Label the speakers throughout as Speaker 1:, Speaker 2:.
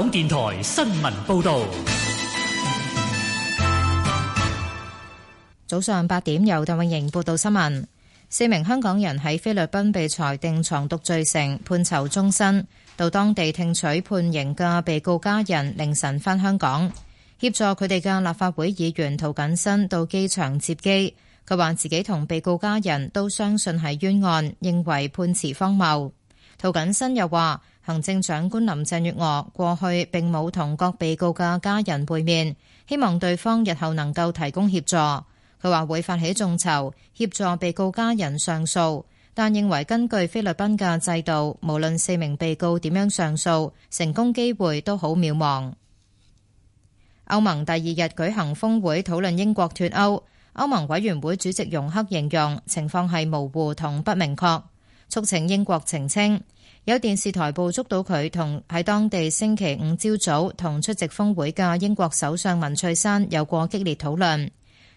Speaker 1: 港電台新聞報道：
Speaker 2: 早上八點，由鄧永盈報道新聞。四名香港人喺菲律賓被裁定藏毒罪成，判囚終身。到當地聽取判刑嘅被告家人凌晨返香港，協助佢哋嘅立法會議員涂謹申到機場接機。佢話自己同被告家人都相信係冤案，認為判詞荒謬。涂謹申又話：行政長官林鄭月娥過去並冇同各被告嘅家人會面，希望對方日後能夠提供協助。佢話會發起眾籌協助被告家人上訴，但認為根據菲律賓嘅制度，無論四名被告點樣上訴，成功機會都好渺茫。歐盟第二日舉行峰會討論英國脱歐，歐盟委員會主席容克形容情況係模糊同不明確。促請英國澄清，有電視台捕捉到佢同喺當地星期五朝早同出席峰會嘅英國首相文翠珊有過激烈討論。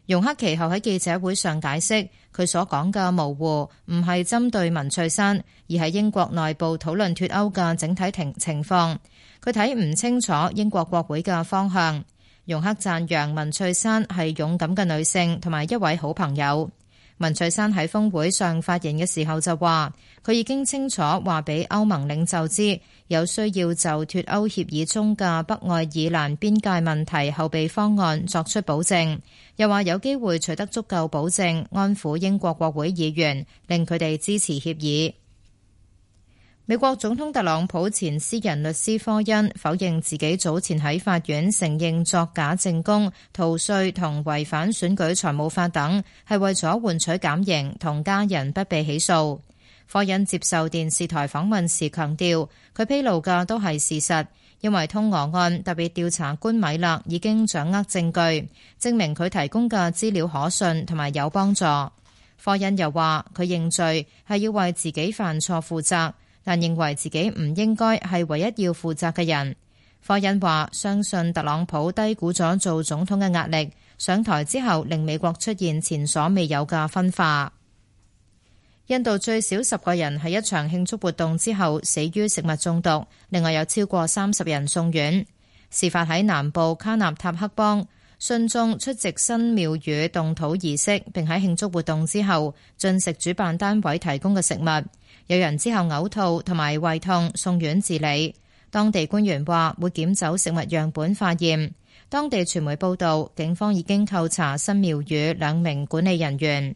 Speaker 2: 容克其後喺記者會上解釋，佢所講嘅模糊唔係針對文翠珊，而係英國內部討論脱歐嘅整體情況。佢睇唔清楚英國國會嘅方向。容克讚揚文翠珊係勇敢嘅女性同埋一位好朋友。文翠山喺峰會上發言嘅時候就話，佢已經清楚話俾歐盟領袖知，有需要就脫歐協議中嘅北愛爾蘭邊界問題後備方案作出保證，又話有機會取得足夠保證安撫英國國會議員，令佢哋支持協議。美國總統特朗普前私人律師科恩否認自己早前喺法院承認作假證供、逃稅同違反選舉財務法等，係為咗換取減刑同家人不被起訴。科恩接受電視台訪問時強調，佢披露嘅都係事實，因為通俄案特別調查官米勒已經掌握證據，證明佢提供嘅資料可信同埋有幫助。科恩又話佢認罪係要為自己犯錯負責。但認為自己唔應該係唯一要負責嘅人。科恩話：相信特朗普低估咗做總統嘅壓力，上台之後令美國出現前所未有嘅分化。印度最少十個人喺一場慶祝活動之後死於食物中毒，另外有超過三十人送院。事發喺南部卡納塔克邦，信眾出席新廟宇動土儀式，並喺慶祝活動之後進食主辦單位提供嘅食物。有人之後嘔吐同埋胃痛，送院治理。當地官員話會檢走食物樣本化驗。當地傳媒報道，警方已經扣查新廟宇兩名管理人員。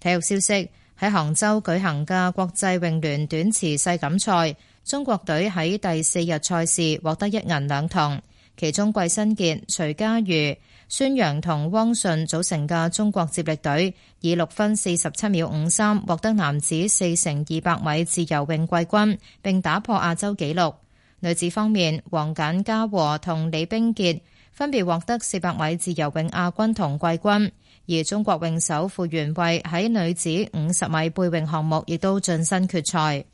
Speaker 2: 體育消息喺杭州舉行嘅國際泳聯短池世錦賽，中國隊喺第四日賽事獲得一銀兩銅，其中季新傑、徐嘉餘。孫楊同汪順組成嘅中國接力隊以六分四十七秒五三獲得男子四乘二百米自由泳季軍，並打破亞洲紀錄。女子方面，王簡嘉禾同李冰潔分別獲得四百米自由泳亞軍同季軍。而中國泳手傅園慧喺女子五十米背泳項目亦都晉身決賽。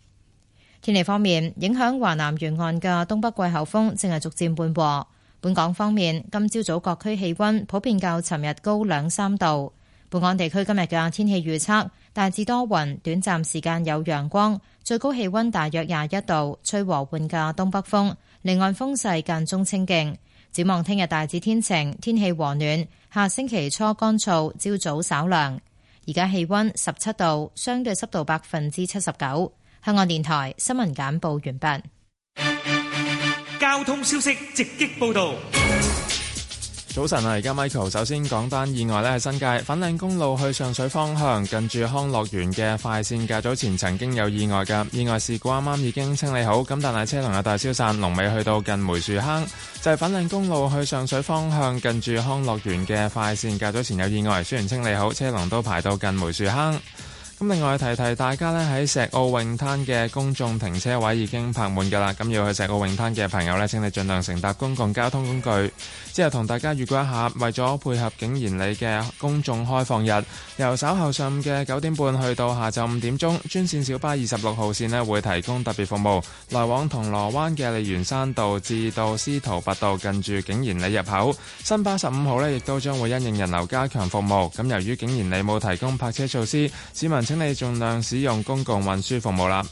Speaker 2: 天氣方面，影響華南沿岸嘅東北季候風正係逐漸緩和。本港方面，今朝早各區氣溫普遍較尋日高兩三度。本港地區今日嘅天氣預測大致多雲，短暫時間有陽光，最高氣溫大約廿一度，吹和緩嘅東北風。離岸風勢間中清勁。展望聽日大致天晴，天氣和暖。下星期初乾燥，朝早稍涼。而家氣溫十七度，相對濕度百分之七十九。香港電台新聞簡報完畢。
Speaker 3: 交通消息直擊報道。
Speaker 4: 早晨啊，而家 Michael 首先講單意外咧，喺新界粉嶺公路去上水方向近住康樂園嘅快綫較早前曾經有意外嘅意外事故，啱啱已經清理好，咁但係車龍又大消散，龍尾去到近梅樹坑就係粉嶺公路去上水方向近住康樂園嘅快綫較早前有意外，雖然清理好，車龍都排到近梅樹坑。咁另外提提大家咧，喺石澳泳灘嘅公眾停車位已經泊滿噶啦，咁要去石澳泳灘嘅朋友咧，請你盡量乘搭公共交通工具。之後同大家預告一下，為咗配合景賢里嘅公眾開放日，由稍後上午嘅九點半去到下晝五點鐘，專線小巴二十六號線咧會提供特別服務，來往銅鑼灣嘅利園山道至到司徒拔道近住景賢里入口。新巴十五號咧亦都將會因應人流加強服務。咁由於景賢里冇提供泊車措施，市民。請你盡量使用公共運輸服務啦。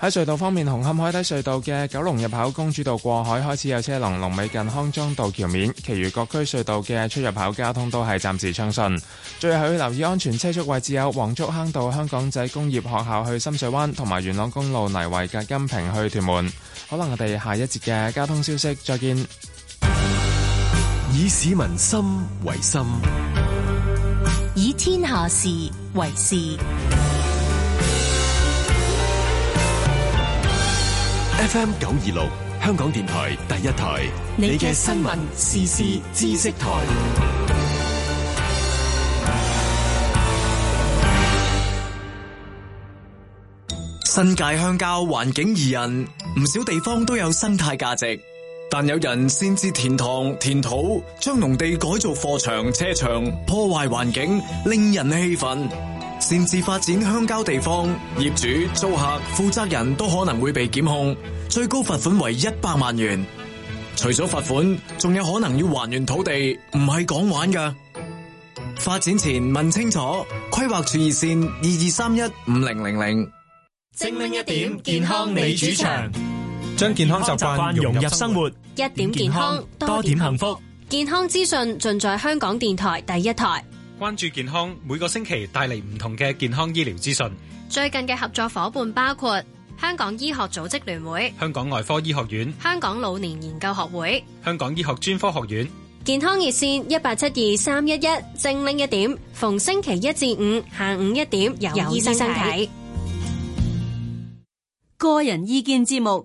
Speaker 4: 喺隧道方面，紅磡海底隧道嘅九龍入口公主道過海開始有車龍，龍尾近康莊道橋面。其餘各區隧道嘅出入口交通都係暫時暢順。最後要留意安全車速位置有黃竹坑道香港仔工業學校去深水灣，同埋元朗公路泥圍隔音屏去屯門。可能我哋下一節嘅交通消息再見。以市民心為心。
Speaker 2: 天下事為事
Speaker 3: ，FM 九二六香港電台第一台，你嘅新聞時事知識台。新界鄉郊環境宜人，唔少地方都有生態價值。但有人擅自填塘填土，將農地改造貨場、車場，破壞環境，令人氣憤。擅自發展鄉郊地方，業主、租客、負責人都可能會被檢控，最高罰款為一百萬元。除咗罰款，仲有可能要還原土地，唔係講玩噶。發展前問清楚，規劃處熱線二二三一五零零零，
Speaker 1: 精明一點，健康你主場。
Speaker 3: 將健康習慣融入生活，
Speaker 1: 一點健康，多點幸福。健
Speaker 3: 康資訊盡在香港電台第一台。關注健康，每個星期帶嚟唔同嘅健康醫療資訊。最近嘅合作伙伴包括香港醫學組織聯會、香港外科醫學院、香港老年研究學會、香港醫學專科學院。健康熱線一八七二三一一正拎一點，逢星期一至五下午
Speaker 2: 一點由醫生身體。個人意見節目。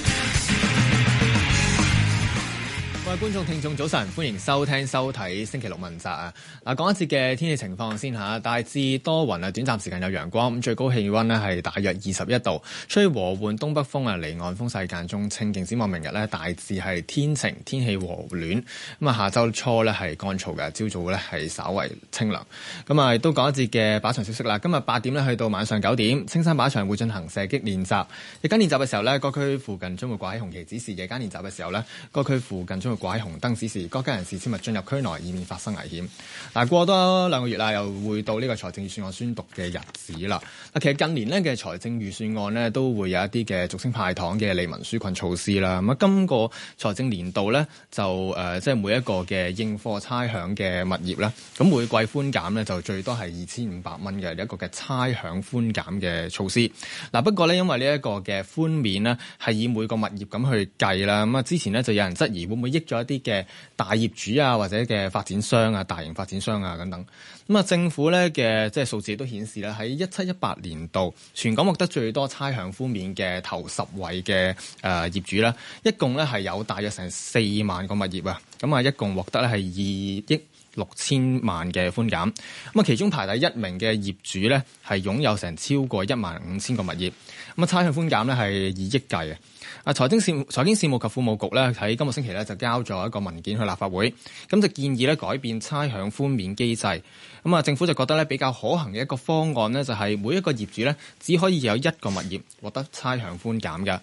Speaker 3: 各位觀眾、聽眾，早晨，歡迎收聽、收睇《星期六問責》啊！嗱，講一節嘅天氣情況先吓，大致多雲啊，短暫時間有陽光，咁最高氣溫咧係大約二十一度，吹和緩東北風啊，離岸風勢間中清勁。展望明日咧，大致係天晴，天氣和暖。咁啊，下周初咧係乾燥嘅，朝早咧係稍為清涼。咁啊，都講一節嘅靶場消息啦。今日八點咧去到晚上九點，青山靶場會進行射擊練習。日間練習嘅時候咧，各區附近將會掛起紅旗指示。夜間練習嘅時候咧，各區附近將會。拐喺紅燈指示，各界人士先勿進入區內，以免發生危險。嗱，過多兩個月啦，又會到呢個財政預算案宣讀嘅日子啦。嗱，其實近年咧嘅財政預算案呢，都會有一啲嘅俗稱派糖嘅利民紓困措施啦。咁啊，今個財政年度呢，就誒，即、呃、係、就是、每一個嘅應課差餉嘅物業咧，咁每季寬減呢，就最多係二千五百蚊嘅，一、這個嘅差餉寬減嘅措施。嗱，不過呢，因為呢一個嘅寬免呢，係以每個物業咁去計啦。咁啊，之前呢，就有人質疑會唔會益。咗一啲嘅大業主啊，或者嘅發展商啊，大型發展商啊，等等。咁啊，政府咧嘅即係數字都顯示咧，喺一七一八年度，全港獲得最多差餉寬免嘅頭十位嘅誒、呃、業主咧，一共咧係有大約成四萬個物業啊。咁啊，一共獲得咧係二億六千萬嘅寬減。咁啊，其中排第一名嘅業主咧，係擁有成超過一萬五千個物業。咁啊，差餉寬減咧係二億計啊。啊，財經事財經事務及庫務局咧，喺今個星期咧就交咗一個文件去立法會，咁就建議咧改變差餉寬免機制。咁啊，政府就覺得咧比較可行嘅一個方案咧，就係、是、每一個業主咧只可以有一個物業獲得差餉寬減嘅。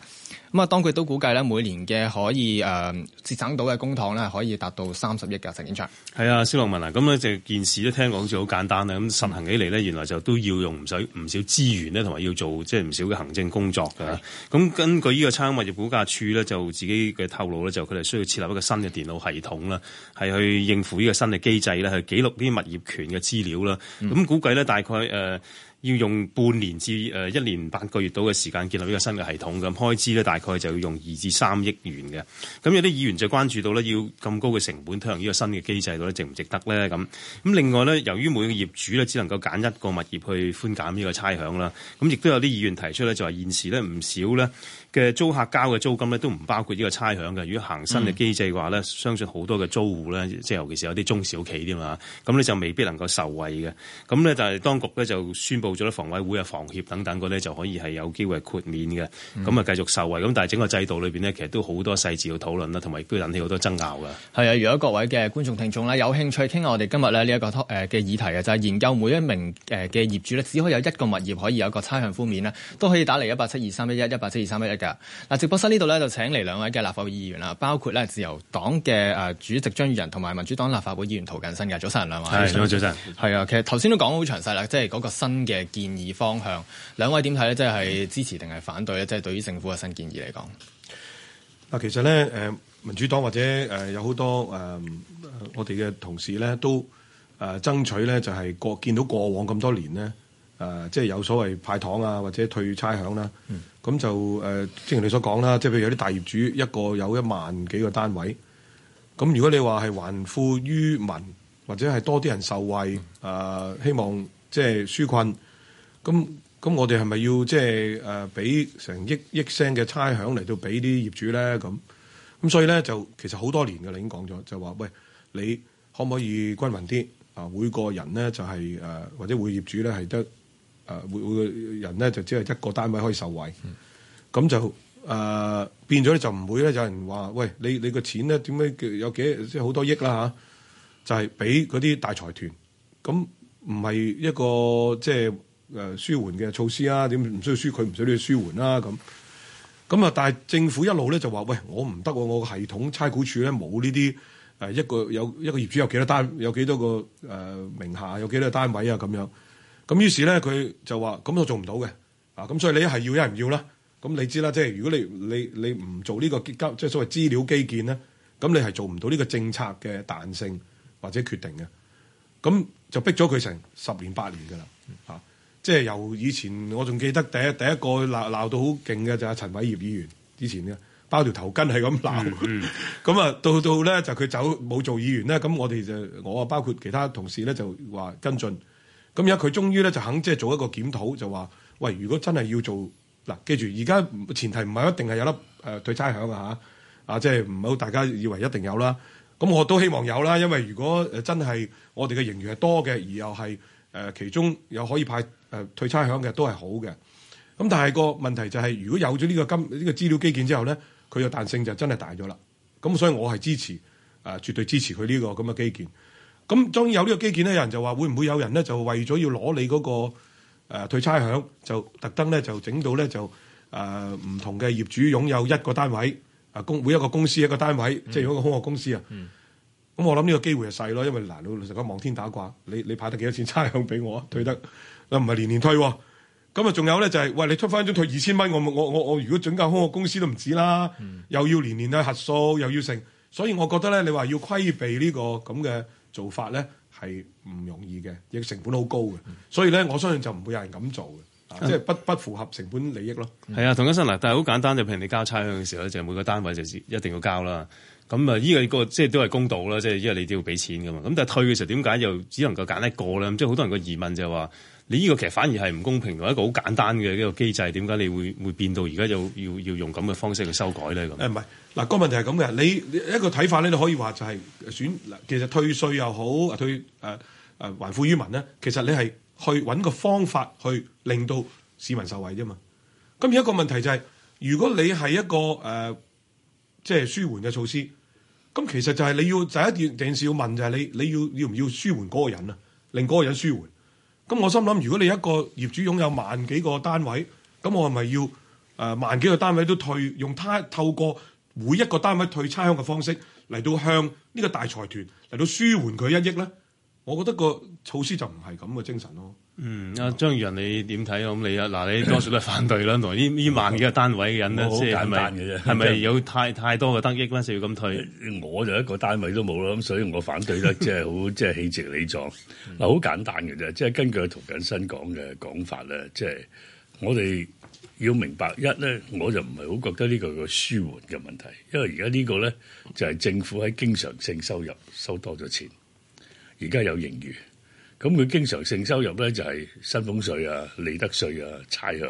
Speaker 3: 咁啊，當佢都估計咧，每年嘅可以誒節省到嘅公帑咧，可以達到三十億嘅成交。
Speaker 5: 係啊，蕭樂文啊，咁呢就件事都聽講好似好簡單啦。咁實行起嚟咧，原來就都要用唔少唔少資源咧，同埋要做即係唔少嘅行政工作㗎。咁是根據呢個差餉物業估價處咧，就自己嘅透露咧，就佢哋需要設立一個新嘅電腦系統啦，係去應付呢個新嘅機制呢去記錄啲物業權嘅資料啦。咁、嗯、估計咧，大概誒。呃要用半年至誒一年八個月到嘅時間建立呢個新嘅系統。咁，開支咧，大概就要用二至三億元嘅。咁有啲議員就關注到咧，要咁高嘅成本推行呢個新嘅機制，到底值唔值得咧咁？咁另外咧，由於每個業主咧只能夠揀一個物業去寬減呢個差餉啦，咁亦都有啲議員提出咧，就話現時咧唔少咧。嘅租客交嘅租金咧，都唔包括呢個差餉嘅。如果行新嘅機制嘅話咧，相信好多嘅租戶咧，即係尤其是有啲中小企啲嘛，咁咧就未必能夠受惠嘅。咁咧，但係當局咧就宣布咗咧，房委會啊、房協等等嗰咧就可以係有機會豁免嘅。咁啊，繼續受惠。咁但係整個制度裏邊呢，其實都好多細節要討論啦，同埋都引起好多爭拗嘅。
Speaker 3: 係啊，如果各位嘅觀眾聽眾咧，有興趣傾下我哋今日咧呢一個誒嘅議題啊，就係、是、研究每一名誒嘅業主咧，只可以有一個物業可以有一個差餉豁免啦，都可以打嚟一八七二三一一一八七二三一一。噶嗱，直播室呢度咧就請嚟兩位嘅立法會議員啦，包括咧自由黨嘅誒主席張宇人，同埋民主黨立法會議員涂謹申嘅。早晨，兩位。係早晨，係啊。其實頭先都講好詳細啦，即係嗰個新嘅建議方向，兩位點睇咧？即係支持定係反對咧？即係對於政府嘅新建議嚟講，嗱，其實咧，誒，民主黨或者
Speaker 6: 誒有好多誒，我哋嘅同事咧都誒爭取咧，就係過見到過往咁多年呢。誒、呃，即係有所謂派糖啊，或者退差餉啦、啊。咁、嗯、就誒，正、呃、如你所講啦，即係譬如有啲大業主一個有一萬幾個單位，咁如果你話係還富於民，或者係多啲人受惠，誒、呃、希望即係紓困，咁咁我哋係咪要即係誒俾成億億聲嘅差餉嚟到俾啲業主咧？咁咁所以咧就其實好多年嘅，你已經講咗就話，喂，你可唔可以均勻啲啊、呃？每個人咧就係、是、誒、呃，或者每業主咧係得。誒會會人咧就只係一個單位可以受惠，咁就誒、呃、變咗咧就唔會咧有人話：喂，你你個錢咧點解有幾即係好多億啦、吓、就係俾嗰啲大財團，咁唔係一個即係、就是呃、舒緩嘅措施啊？點唔需要舒佢，唔需要舒緩啦咁。咁啊，但係政府一路咧就話：喂，我唔得喎，我個系統差估處咧冇呢啲一個有一個業主有幾多單有幾多個名下有幾多個單位啊咁樣。咁於是咧，佢就話：咁我做唔到嘅，啊！咁所以你一係要一係唔要啦。咁你知啦，即係如果你你你唔做呢、呢個即係所謂資料基建咧，咁你係做唔到呢個政策嘅彈性或者決定嘅。咁就逼咗佢成十年八年噶啦、啊，即係由以前我仲記得第一第一個鬧鬧到好勁嘅就係陳偉業議員之前嘅，包條頭巾係咁鬧。咁啊、嗯，嗯、 到到咧就佢走冇做議員咧，咁我哋就我啊包括其他同事咧就話跟進。咁而家佢終於咧就肯即係做一個檢討，就話：喂，如果真係要做嗱，記住而家前提唔係一定係有粒、呃、退差餉啊吓，啊，即係唔好大家以為一定有啦。咁我都希望有啦，因為如果真係我哋嘅盈餘係多嘅，而又係、呃、其中又可以派、呃、退差餉嘅，都係好嘅。咁但係個問題就係、是，如果有咗呢個金呢個資、這個、料基建之後咧，佢嘅彈性就真係大咗啦。咁所以我係支持啊、呃，絕對支持佢呢、這個咁嘅基建。咁當然有呢個基建咧，有人就話會唔會有人咧就為咗要攞你嗰、那個、呃、退差餉，就特登咧就整到咧就誒唔、呃、同嘅業主擁有一個單位，公、啊、每一個公司一個單位，即係、嗯、一個空殼公司啊。咁、嗯、我諗呢個機會係細咯，因為嗱老實講望天打卦，你你派得幾多錢差餉俾我啊？退得唔係年年退、啊，咁啊仲有咧就係、是、喂你出翻張退二千蚊，我我我我如果整間空殼公司都唔止啦，嗯、又要年年去核數，又要剩，所以我覺得咧，你話要規避呢、這個咁嘅。做法咧係唔容易嘅，亦成本好高嘅，所以咧我相信就唔會有人咁做嘅，啊、即係不不符合成本利益咯。
Speaker 5: 係啊，同一新嗱，但係好簡單就譬、是、如你交差嘅時候咧，就是、每個單位就一定要交啦。咁啊，依個個即係都係公道啦，即係因為你都要俾錢㗎嘛。咁但係退嘅時候點解又只能夠揀一個咧？咁即係好多人嘅疑問就係、是、話。你呢個其實反而係唔公平，同一個好簡單嘅一個機制。點解你會會變到而家就要要，要用咁嘅方式去修改咧？咁誒唔係嗱，個問題係咁嘅，你一個睇法
Speaker 6: 咧，你可以話就係選其實退稅又好，退誒誒、啊啊、還富於民咧。其實你係去揾個方法去令到市民受惠啫嘛。咁而一個問題就係、是，如果你係一個誒即係舒緩嘅措施，咁其實就係你要就一定件要問就係你你要你要唔要舒緩嗰個人啊，令嗰個人舒緩。咁我心諗，如果你一個業主擁有萬幾個單位，咁我係咪要誒、呃、萬幾個單位都退，用他透過每一個單位退差餉嘅方式嚟到向呢個大財團嚟到舒緩佢一億呢？我覺得個措施就唔係咁嘅精神咯。
Speaker 5: 嗯，阿張宇人，你點睇？咁你啊，嗱，你多數都反對啦，同呢呢
Speaker 7: 萬幾個單位嘅人咧，好 簡單嘅啫，係咪有太、就是、太多嘅得益咧，就要咁退？我就一個單位都冇啦，咁所以我反對得即係好，即係氣直理壯。嗱，好簡單嘅啫，即、就、係、是、根據涂謹申講嘅講法咧，即、就、係、是、我哋要明白一咧，我就唔係好覺得呢個係個舒緩嘅問題，因為而家呢個咧就係、是、政府喺經常性收入收多咗錢。而家有盈餘，咁佢經常性收入咧就係、是、薪俸稅啊、利得稅啊、差餉，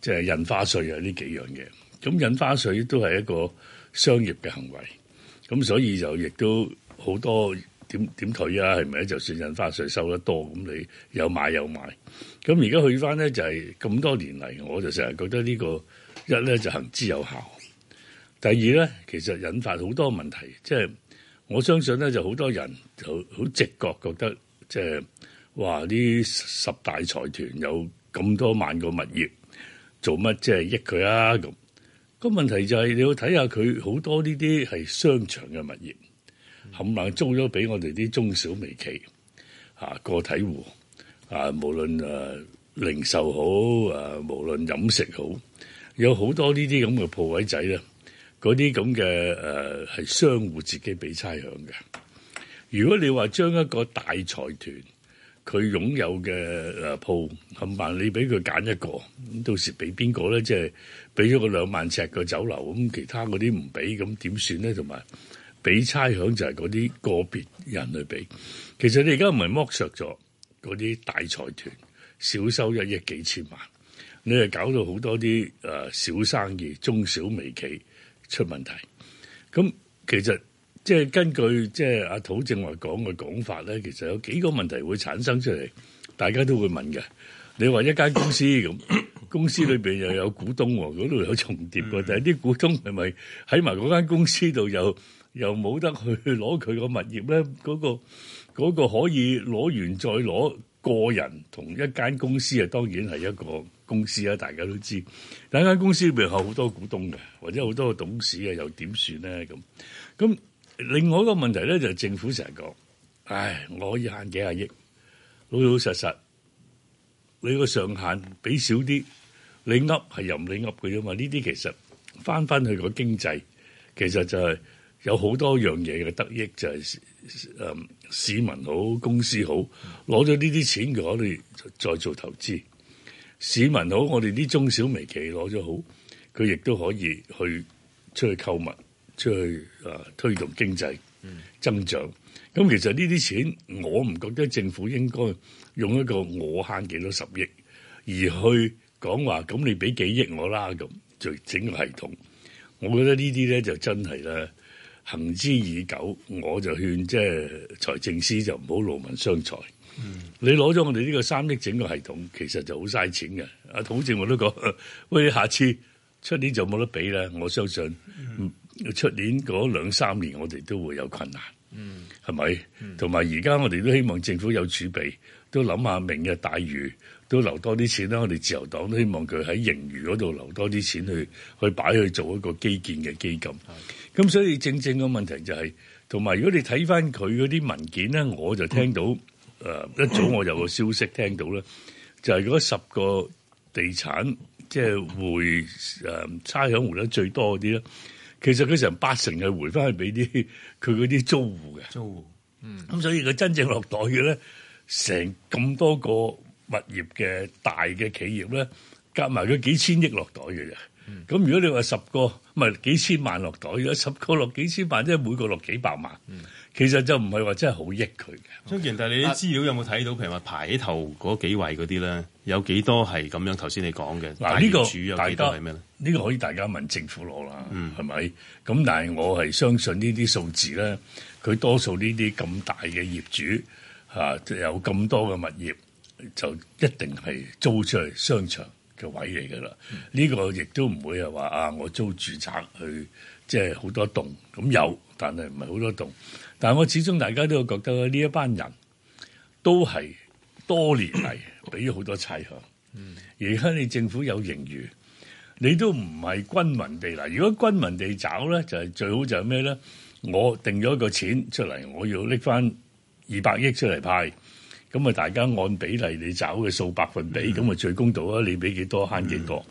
Speaker 7: 即、就、係、是、印花稅啊呢幾樣嘢。咁印花稅都係一個商業嘅行為，咁所以就亦都好多點點退啊，係咪咧？就算印花稅收得多，咁你有買有賣。咁而家去翻咧就係、是、咁多年嚟，我就成日覺得、這個、呢個一咧就行之有效，第二咧其實引發好多問題，即係。我相信咧，就好多人就好直覺覺得，就是，即係話呢十大財團有咁多萬個物業，做乜即係益佢啊？咁、那個問題就係你要睇下佢好多呢啲係商場嘅物業，冚冷租咗俾我哋啲中小微企嚇、啊、個體戶啊，無論、啊、零售好，誒、啊、無論飲食好，有好多呢啲咁嘅鋪位仔嗰啲咁嘅誒係相互自己俾差餉嘅。如果你話將一個大財團佢擁有嘅誒、啊、鋪，冚唪唥你俾佢揀一個，咁到時俾邊個咧？即係俾咗個兩萬尺嘅酒樓，咁其他嗰啲唔俾，咁點算咧？同埋俾差餉就係嗰啲個別人去俾。其實你而家唔係剝削咗嗰啲大財團，少收一億幾千萬，你係搞到好多啲誒、呃、小生意、中小微企出問題，咁其實即係根據即係阿土正話講嘅講法咧，其實有幾個問題會產生出嚟，大家都會問嘅。你話一間公司咁， 公司裏邊又有股東，嗰度有重疊嘅，但係啲股東係咪喺埋嗰間公司度又又冇得去攞佢個物業咧？嗰、嗰個嗰個可以攞完再攞個人同一間公司啊，當然係一個。公司啊，大家都知，但係間公司裏面有好多股東嘅，或者好多董事啊，又點算咧？咁咁，另外一個問題咧，就係、是、政府成日講，唉，我可以慳幾廿億，老老實實，你個上限俾少啲，你噏係任你噏嘅啫嘛。呢啲其實翻翻去個經濟，其實就係有好多樣嘢嘅得益，就係、是、誒、嗯、市民好，公司好，攞咗呢啲錢嘅，我哋再做投資。市民好，我哋啲中小微企攞咗好，佢亦都可以去出去購物，出去啊推動經濟增長，咁、嗯、其實呢啲錢我唔覺得政府應該用一個我慳幾多十億而去講話，咁你俾幾億我啦，咁就整個系統，我覺得呢啲咧就真係咧行之已久，我就勸即係財政司就唔好勞民傷財。嗯，你攞咗我哋呢個三億整個系統，其實就好嘥錢嘅。阿統政我都講，喂，下次出年就冇得俾啦。我相信出、嗯、年嗰兩三年，我哋都會有困難，係咪、嗯？同埋而家我哋都希望政府有儲備，都諗下明日大嶼，都留多啲錢啦。我哋自由黨都希望佢喺盈餘嗰度留多啲錢去去擺去做一個基建嘅基金。咁的所以正正嘅問題就係同埋，如果你睇翻佢嗰啲文件咧，我就聽到、嗯。呃、一早我有個消息聽到咧， 就係嗰十個地產即係回誒差餉回得最多啲啦。其實佢成八成係回翻去俾啲佢嗰啲租戶嘅。租戶，嗯。咁所以佢真正落袋嘅咧，成咁多個物業嘅大嘅企業咧，夾埋佢幾千億落袋嘅啫。咁、嗯、如果你話十個唔係幾千萬落袋，如果十個落幾千萬，即係每個落幾百萬。嗯其實就唔係話真係好益佢嘅，張、okay、傑。但係、啊、你啲資料有冇睇到？譬如話排
Speaker 5: 頭嗰幾位嗰啲咧，有幾多係咁樣？頭先你講嘅，啊呢個、大業主有幾多係咩？係咩
Speaker 7: 咧？呢、呢個可以大家問政府攞啦，係咪、嗯？咁但係我係相信呢啲數字咧，佢多數呢啲咁大嘅業主嚇、啊、有咁多嘅物業，就一定係租出去商場嘅位嚟㗎啦。呢、嗯、個亦都唔會係話啊，我租住宅去，即係好多棟咁有，但係唔係好多棟。但係我始終大家都會覺得呢一班人都係多年嚟俾咗好多差餉，嗯，而家你政府有盈餘，你都唔係均勻地啦。如果均勻地找咧，就係、是、最好就係咩咧？我定咗一個錢出嚟，我要搦翻二百億出嚟派，咁啊大家按比例你找嘅數百分比，咁啊最公道啊！你俾幾多慳幾多，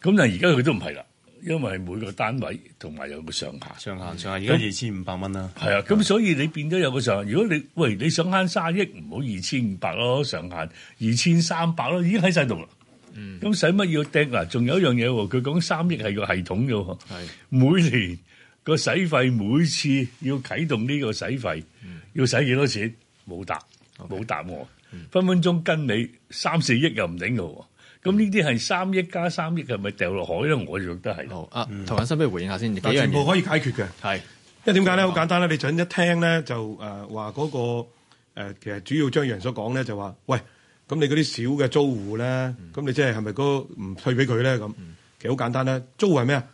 Speaker 7: 咁但係而家佢都唔係啦。因為每個單位同埋有個上限，上限，上限，上限而家二千五百蚊啦。係啊，咁所以你變咗有個上限。如果你喂，你想慳三億，唔好二千五百咯，上限二千三百咯，已經喺晒度啦。嗯，咁使乜要掟啊？仲有一樣嘢喎，佢講三億係個系統㗎喎。的每年個使費，每次要啟動呢個使費，嗯、要使幾多錢？冇答，冇 Okay. 答案。嗯、分分鐘跟你三四億又唔頂嘅喎。咁呢啲係三億加三億，係咪掉落海咧？我覺得係好啊。涂生、嗯，不如回應下先。全部、嗯、可以解決嘅係，是因為點解咧？好、啊、簡單
Speaker 6: 咧。你準一聽咧，就誒話嗰個、呃、其實主要張宇人所講咧、就是，就話喂，咁你嗰啲小嘅租戶咧，咁、嗯、你即係係咪嗰個唔退俾佢咧？咁、嗯、其實好簡單咧。租係咩啊？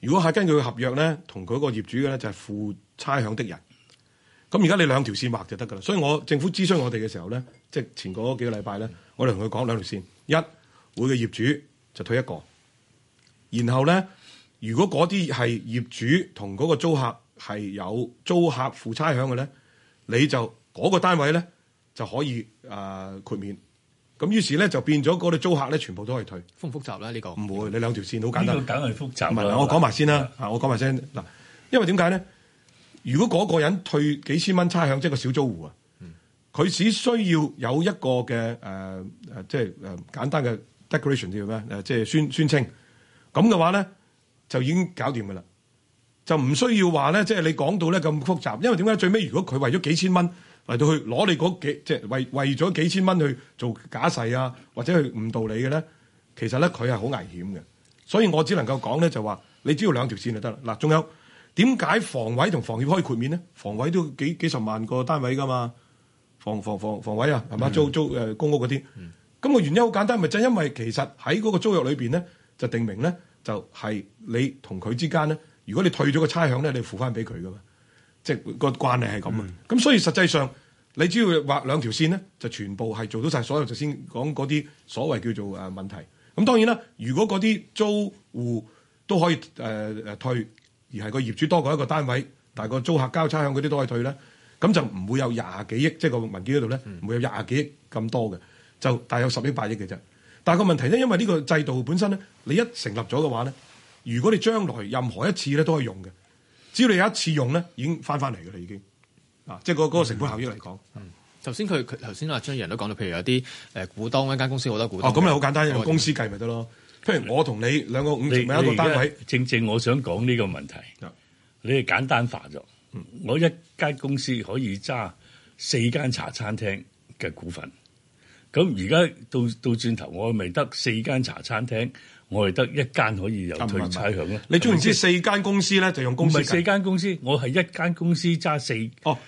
Speaker 6: 如果係根據佢嘅合約咧，同佢個業主嘅咧，就係、是、負差餉的人。咁而家你兩條線劃就得㗎啦。所以我政府諮詢我哋嘅時候咧，即係前嗰幾個禮拜咧，嗯、我哋同佢講兩條線一。每個業主就退一個，然後咧，如果嗰啲係業主同嗰個租客係有租客負差餉嘅咧，你就嗰、那個單位咧就可以誒、呃、豁免。咁於是咧就變咗嗰啲租客咧全部都可以退，複唔複雜啦呢、這個？唔會，你兩條線好簡單。梗
Speaker 7: 係複雜。唔係，我講埋
Speaker 6: 先啦。嗯、我講埋先嗱，因為點解咧？如果嗰個人退幾千蚊差餉，即、就、係、是、個小租戶啊，佢只需要有一個嘅誒誒，即係誒、呃、簡單嘅。Declaration 叫咩？即係宣宣稱咁嘅話咧，就已經搞掂嘅啦，就唔需要話咧，即係你講到咧咁複雜，因為點解最尾如果佢為咗幾千蚊嚟到去攞你嗰幾即係為為咗幾千蚊去做假誓啊，或者去誤導你嘅咧，其實咧佢係好危險嘅，所以我只能夠講咧就話你只要兩條線就得啦。嗱，仲有點解房委同房協可以豁免咧？房委都幾幾十萬個單位㗎嘛，房房房房委啊，係嘛、嗯？租租誒公屋嗰啲。嗯咁個原因好簡單，咪就係、因為其實喺嗰個租約裏面咧，就定明咧就係、係、你同佢之間咧，如果你退咗個差餉咧，你付翻俾佢噶嘛，即、就、係、係、個關係係咁啊。咁、嗯、所以實際上你只要畫兩條線咧，就全部係做到晒。所有頭先講嗰啲所謂叫做誒問題。咁當然啦，如果嗰啲租戶都可以、呃、退，而係個業主多過一個單位，但係個租客交差餉嗰啲都可以退咧，咁就唔會有廿幾億，即、就、係、係、個文件嗰度咧，唔、嗯、會有廿幾億咁多嘅。就大約十億八億嘅啫，但係個問題咧，因為呢個制度本身咧，你一成立咗嘅話咧，如果你將來任何一次咧都可以用嘅，只要你有一次用咧，已經翻翻嚟㗎啦，已經，
Speaker 3: 啊，即係嗰個成本效益嚟講、嗯。嗯，頭先佢頭先話，張議員都講到，譬如有啲誒、
Speaker 7: 呃、股東一間公司好多股東。東咁咪好簡單，用公司計咪得咯？譬如我同你兩個五成，咪你一個單位。正正我想講呢個問題，你係簡單化咗。嗯、我一間公司可以揸四間茶餐廳嘅股份。咁而家到到轉頭，我咪得四間茶餐廳，我係得一間可以有退差餉咧。你知唔知四間公司咧就用公司？唔係四間公司，我係一間公司揸四揸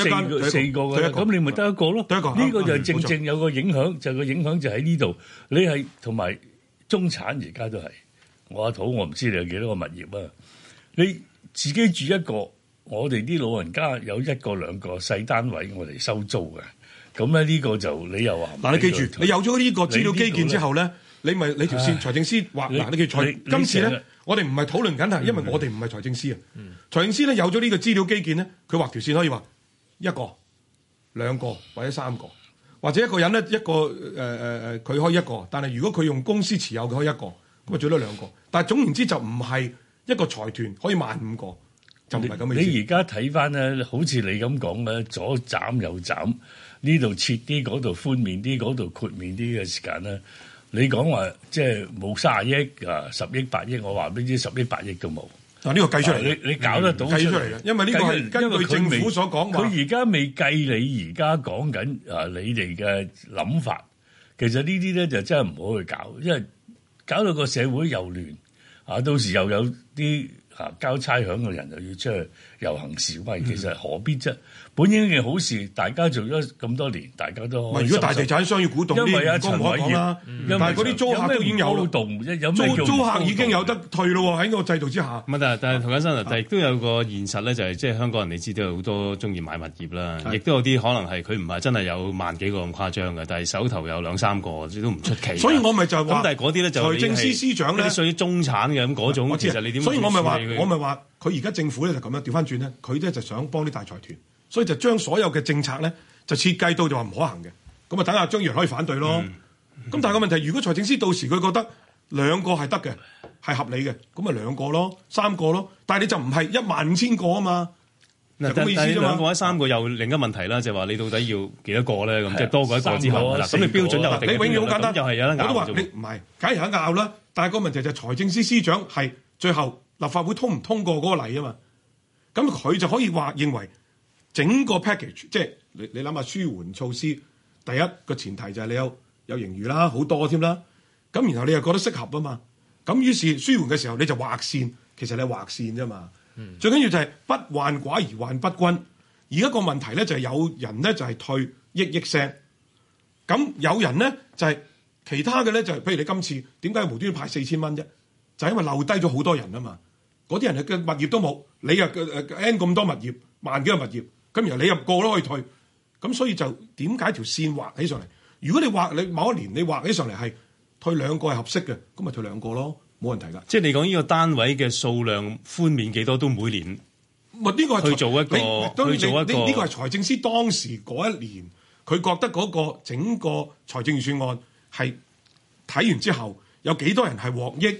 Speaker 7: 四個四嘅，咁你咪得一個咯。一個呢個就正正有個影響，就個影響就喺呢度。你係同埋中產，而家都係我阿涂，我唔知你有幾多個物業啊？你自己住一個，我哋啲老人家有一個兩個細單位，我哋收租嘅。咁咧，呢個就你又話嗱、那個？你記住，你有咗呢個資料基建之後咧，你咪你，你條線唉 財政司畫嗱你，你叫財。今次
Speaker 6: 咧，我哋唔係討論緊係，因為我哋唔係財政司啊。嗯、財政司咧有咗呢個資料基建咧，佢畫條線可以話一個、兩個或者三個，或者一個人咧一個誒誒誒，佢、呃、開一個。但係如果佢用公司持有，佢開一個咁啊，最多你兩個。但係總
Speaker 7: 言之，就唔係一個財團可以萬五個，就唔係咁嘅。你而家睇翻咧，好似你咁講咧，左斬右斬。呢度切啲，嗰度寬面啲，嗰度闊面啲嘅時間咧，你講話即係冇卅億啊十億八億，我話畀你知十億八億都冇。啊呢、呢個計出嚟，你你搞得到、嗯、計出嚟嘅？因為呢個係根據政府所講嘅，佢而家未計，你而家講緊啊你哋嘅諗法。其實這些呢啲咧就真係唔好去搞，因為搞到個社會又亂啊！到時又有啲啊交差餉嘅人又要出去。遊行示威其實何必啫？本應嘅好事，大家做咗咁多年，大家都可以。如果大地產商要鼓動，因為一陳海講啦，嗯、為但係嗰啲租客已經有股動，租租，租客已經有得
Speaker 6: 退咯喎！喺呢個制度之下，
Speaker 5: 唔係，但係但係，涂先生亦都有個現實咧，就係即係香港人，你知道好多中意買物業啦，亦都的有啲可能係佢唔係真係有萬幾個咁誇張嘅，但係手頭有兩三個，即係都唔出奇。所以我咪就咁但係嗰啲咧就係財政司司長咧屬於中產嘅咁嗰種。我知，其實你所以我咪話，就我咪
Speaker 6: 話。佢而家政府咧就咁樣調翻轉咧，佢咧就想幫啲大財團，所以就將所有嘅政策咧就設計到就話唔可行嘅。咁啊，等下張宇人可以反對咯。咁、嗯嗯、但係個問題，如果財政司到時佢覺得兩個係得嘅，係合理嘅，咁啊兩個咯，三個咯，但係你就唔係一萬五千個啊嘛。
Speaker 5: 咁但意思啫嘛。或者三個又另一個問題啦，就話、係、你到底要幾個呢多個咧？咁即係多過一個之後咁你標準就、啊、定？你永遠好簡單，又係有得拗。我都話你唔
Speaker 6: 係，梗係肯拗啦。但係個問題就係財政司司長係最後。立法會通唔通過嗰個例啊嘛，咁佢就可以話認為整個 package 即係你你諗下舒緩措施，第一個前提就係你有有盈餘啦，好多添啦，咁然後你又覺得適合啊嘛，咁於是舒緩嘅時候你就劃線，其實你劃線啫嘛，嗯、最緊要就係不患寡而患不均，而家個問題咧就係有人咧就係退億億聲，咁有人咧就係其他嘅咧就係譬如你今次點解無端派四千蚊啫？就係因為漏低咗好多人啊嘛。嗰啲人嘅物業都冇，你又嘅 end 咁多物業，萬幾個物業，咁然後你入個都可以退，咁所以就點解條線畫起上嚟？如果你畫你某一年你畫起上嚟係退兩個係合適嘅，咁咪退兩個咯，冇問題㗎。即
Speaker 5: 係你講呢個單位嘅數量寬免幾多都每年，呢、呢個係做一個都去做呢個係、呢個、
Speaker 6: 財政司當時嗰一年佢覺得嗰個整個財政預算案係睇完之後有幾多人係獲益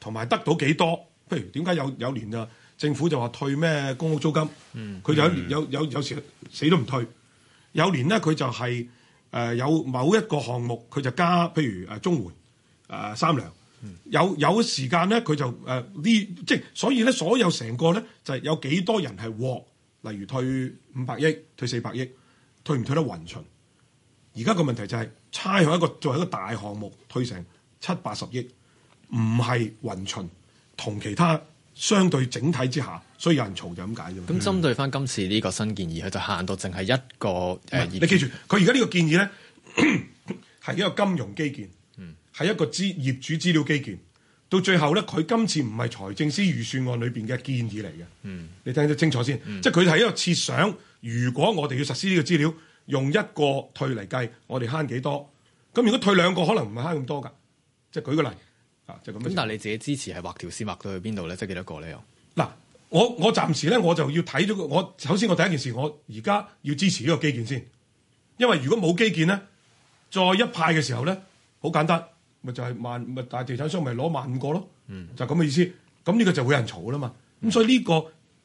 Speaker 6: 同埋得到幾多。譬如點解有有年啊？政府就話退咩公屋租金，佢、嗯、就有、嗯、有有，有時死都唔退。有年呢，佢就係、是呃、有某一個項目，佢就加，譬如、呃、綜援、呃、三糧。有有時間呢，佢就呢、呃，即係所以咧，所有成個呢，就是、有幾多人係獲，例如退五百億、退四百億，退唔退得勻巡。而家個問題就係、是，差咗一個作為一個大項目，退成七八十億，唔係勻巡。
Speaker 3: 同其他相對整體之下，所以有人嘈就咁解啫。咁針對翻今次呢個新建議，佢、嗯、就限到淨係一個誒，是呃、你記住，佢而家呢個建議咧
Speaker 6: 係 一個金融基建，嗯，係一個資業主資料基建。到最後咧，佢今次唔係財政司預算案裏邊嘅建議嚟嘅，嗯，你聽得清楚先，嗯、即係佢係一個設想。如果我哋要實施呢個資料，用一個退嚟計，我哋慳幾多？咁如果退兩個，可能唔係慳咁多㗎。即係舉個例。
Speaker 3: 啊，就咁。但係你自己支持係畫
Speaker 6: 條線畫到去邊度咧？即係幾多個咧？又嗱，我我暫時咧，我就要睇咗。我首先我第一件事，我而家要支持呢個基建先，因為如果冇基建咧，再一派嘅時候咧，好簡單，咪就係萬咪大地產商咪攞萬五個咯。嗯，就咁嘅意思。咁呢個就會有人吵啦嘛。咁、嗯、所以呢個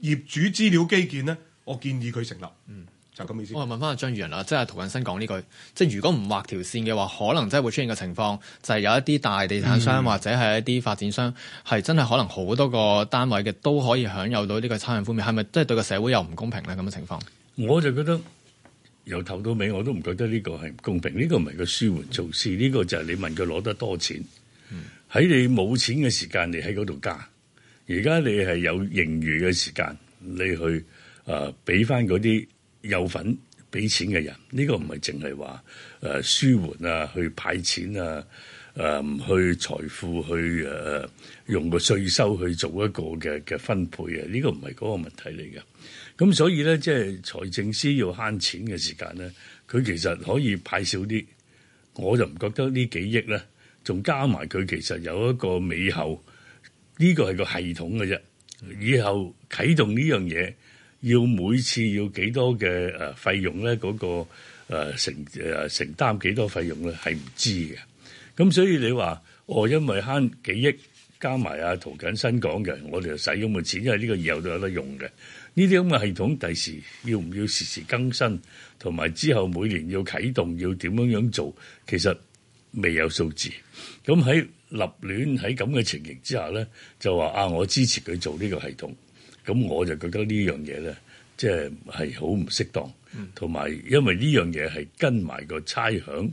Speaker 6: 業主資料基建咧，我建議佢成立。嗯。
Speaker 3: 我、哦、問翻阿張宇人啦，即係涂謹申講呢句，即係如果唔畫條線嘅話，可能真係會出現個情況，就係、是、有一啲大地產商、嗯、或者係一啲發展商係真係可能好多個單位嘅都可以享有到呢個差餉寬免，係咪即係對個社會又唔公平咧？咁嘅情
Speaker 7: 況，我就覺得由頭到尾我都唔覺得呢個係唔公平。呢、這個唔係個舒緩措施，呢、這個就係你問佢攞得多錢喺、嗯、你冇錢嘅時間，你喺嗰度加。而家你係有盈餘嘅時間，你去誒俾翻嗰啲。呃有份俾錢嘅人，呢、這個唔係淨係話誒舒緩啊，去派錢啊，誒、呃、去財富去誒、呃、用個稅收去做一個嘅嘅分配啊，呢、這個唔係嗰個問題嚟嘅。咁所以咧，即係財政司要慳錢嘅時間咧，佢其實可以派少啲。我就唔覺得呢幾億咧，仲加埋佢其實有一個美後，呢、這個係個系統嘅啫。以後啟動呢樣嘢。要每次要幾多嘅費用咧？嗰、那個、呃、承誒、呃、承擔幾多費用咧？係唔知嘅。咁所以你話哦，因為慳幾億加埋啊，涂謹申講嘅，我哋就使咁嘅錢，因為呢個以後都有得用嘅。呢啲咁嘅系統第時要唔要時時更新，同埋之後每年要啟動要點樣樣做，其實未有數字。咁喺立亂喺咁嘅情形之下咧，就話啊，我支持佢做呢個系統。咁我就覺得這件事呢樣嘢咧，即係係好唔適當，同埋因為呢樣嘢係跟埋個差餉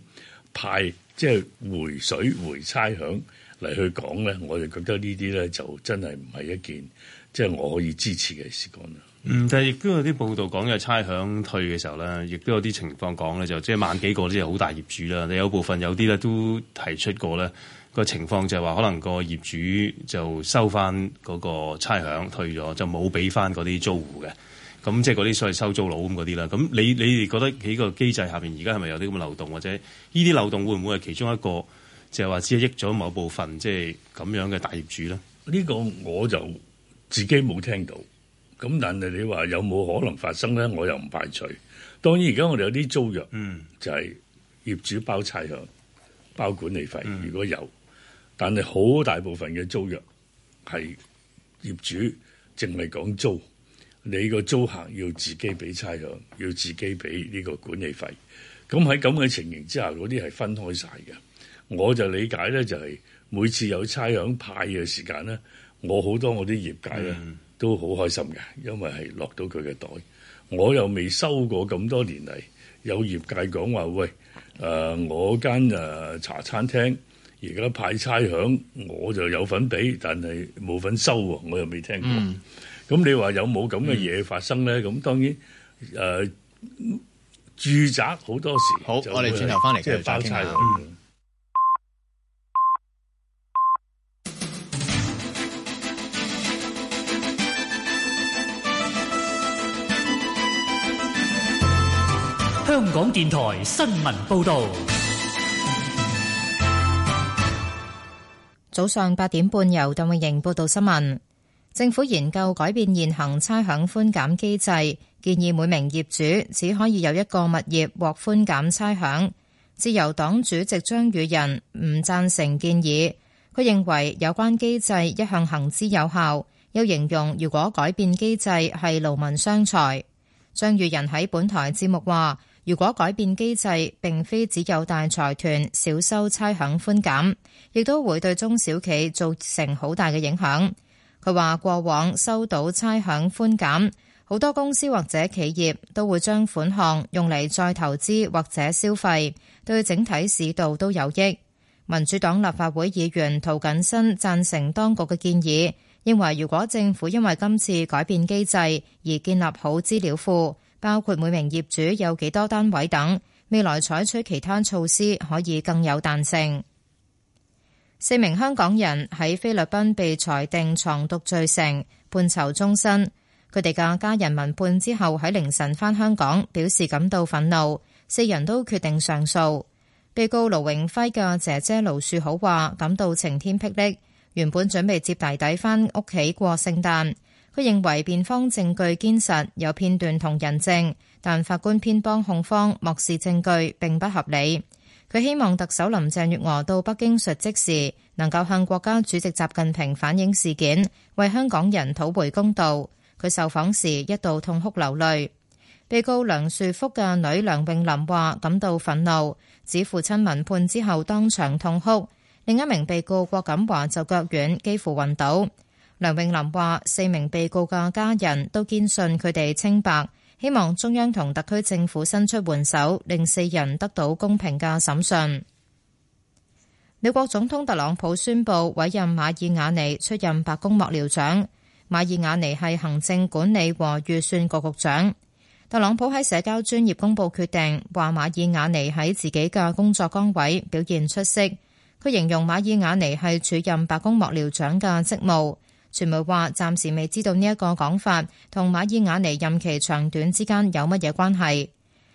Speaker 7: 派，即係回水回差餉嚟去講咧，我就覺得呢啲咧就真係唔係一件即係我可以支持嘅事幹啦。嗯，但係亦都有啲報道講
Speaker 5: 嘅差餉退嘅時候咧，亦都有啲情況講咧，就即係萬幾個啲好大業主啦，你有部分有啲咧都提出過咧。個情況就係話，可能個業主就收翻嗰個差餉退咗，就冇俾翻嗰啲租戶嘅。咁即係嗰啲所謂收租佬咁嗰啲啦。咁你你哋覺得喺個機制下邊而家係咪有啲咁嘅漏洞，或者呢啲漏洞
Speaker 7: 會唔會係其中一個就係話只係益咗某部分，即係咁樣嘅大業主咧？呢個我就自己冇聽到。咁但係你話有冇可能發生咧？我又唔排除。當然而家我哋有啲租約，嗯，就係業主包差餉、包管理費，嗯，如果有。但係好大部分嘅租約係業主淨係講租，你個租客要自己俾差餉，要自己俾呢個管理費。咁喺咁嘅情形之下，嗰啲係分開晒嘅。我就理解咧，就係、是、每次有差餉派嘅時間咧，我好多我啲業界咧都好開心嘅，因為係落到佢嘅袋，我又未收過咁多年嚟有業界講話喂，呃、我間、啊、茶餐廳。而家派差餉，我就有份俾，但係冇份收。我又未聽過。咁、嗯、你話有冇咁嘅嘢發生咧？咁、嗯、當然，誒、呃，住宅好多時好，我哋轉頭翻嚟繼續傾下。警警嗯、
Speaker 1: 香港電台新聞報道。
Speaker 2: 早上八點半，由鄧永盈報道新聞。政府研究改變現行差餉寬減機制，建議每名業主只可以有一個物業獲寬減差餉。自由黨主席張宇人唔贊成建議，佢認為有關機制一向行之有效，又形容如果改變機制係勞民傷財。張宇人喺本台節目話。如果改變機制，並非只有大財團少收差餉寬減，亦都會對中小企造成好大嘅影響。佢話：過往收到差餉寬減，好多公司或者企業都會將款項用嚟再投資或者消費，對整體市道都有益。民主黨立法會議員涂謹申贊成當局嘅建議，認為如果政府因為今次改變機制而建立好資料庫。包括每名業主有幾多單位等，未來採取其他措施可以更有彈性。四名香港人喺菲律賓被裁定藏毒罪成，判囚終身。佢哋嘅家人聞判之後喺凌晨返香港，表示感到憤怒。四人都決定上訴。被告盧永輝嘅姐姐盧樹好話感到晴天霹靂，原本準備接弟弟返屋企過聖誕。佢認為辯方證據堅實，有片段同人證，但法官偏幫控方，漠視證據並不合理。佢希望特首林鄭月娥到北京述職時，能夠向國家主席習近平反映事件，為香港人討回公道。佢受訪時一度痛哭流淚。被告梁樹福嘅女梁詠琳話感到憤怒，指父親聞判之後當場痛哭。另一名被告郭錦華就腳軟，幾乎暈倒。梁詠琳話：四名被告嘅家人都堅信佢哋清白，希望中央同特區政府伸出援手，令四人得到公平嘅審訊。美國總統特朗普宣布委任馬爾瓦尼出任白宮幕僚長。馬爾瓦尼係行政管理和預算局局長。特朗普喺社交專業公布決定，話馬爾瓦尼喺自己嘅工作崗位表現出色。佢形容馬爾瓦尼係署任白宮幕僚長嘅職務。傳媒話，暫時未知道呢一個講法同馬爾雅尼任期長短之間有乜嘢關係。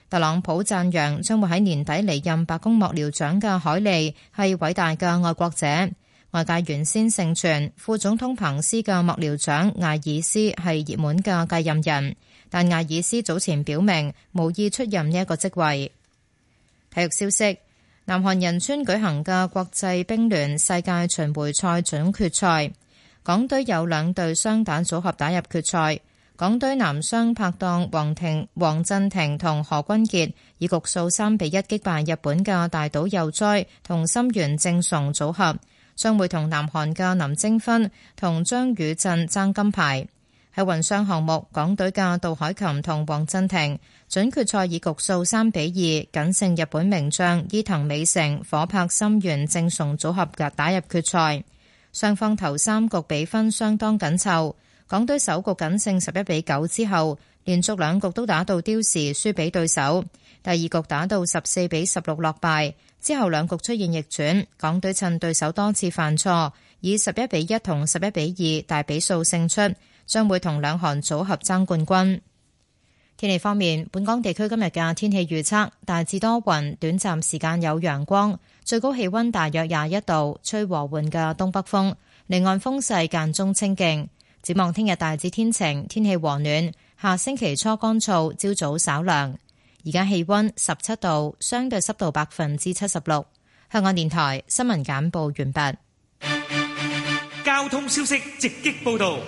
Speaker 2: 特朗普讚揚將會喺年底離任白宮幕僚長嘅凱利係偉大嘅愛國者。外界原先盛傳副總統彭斯嘅幕僚長艾爾斯係熱門嘅繼任人，但艾爾斯早前表明無意出任呢一個職位。體育消息：南韓仁川舉行嘅國際乒聯世界巡回賽準決賽。港隊有兩隊雙打組合打入決賽，港隊男雙拍檔黃庭、黃振庭同何君傑以局數三比一擊敗日本嘅大島佑哉同森源正崇組合，將會同南韓嘅林征芬同張宇鎮爭金牌。喺混雙項目，港隊嘅杜海琴同黃振庭準決賽以局數三比二僅勝日本名將伊藤美誠火拍森源正崇組合，嘅打入決賽。雙方頭三局比分相當緊湊，港隊首局僅勝十一比九之後，連續兩局都打到刁時，輸俾對手。第二局打到十四比十六落敗，之後兩局出現逆轉，港隊趁對手多次犯錯，以十一比一同十一比二大比數勝出，將會同兩韓組合爭冠軍。天氣方面，本港地區今日嘅天氣預測大致多雲，短暫時間有陽光，最高氣温大約廿一度，吹和緩嘅東北風。離岸風勢間中清勁。展望聽日大致天晴，天氣和暖。下星期初乾燥，朝早稍涼。而家氣温十七度，相對濕度百分之七十六。香港電台新聞簡報完畢。交通消息直
Speaker 5: 擊報道。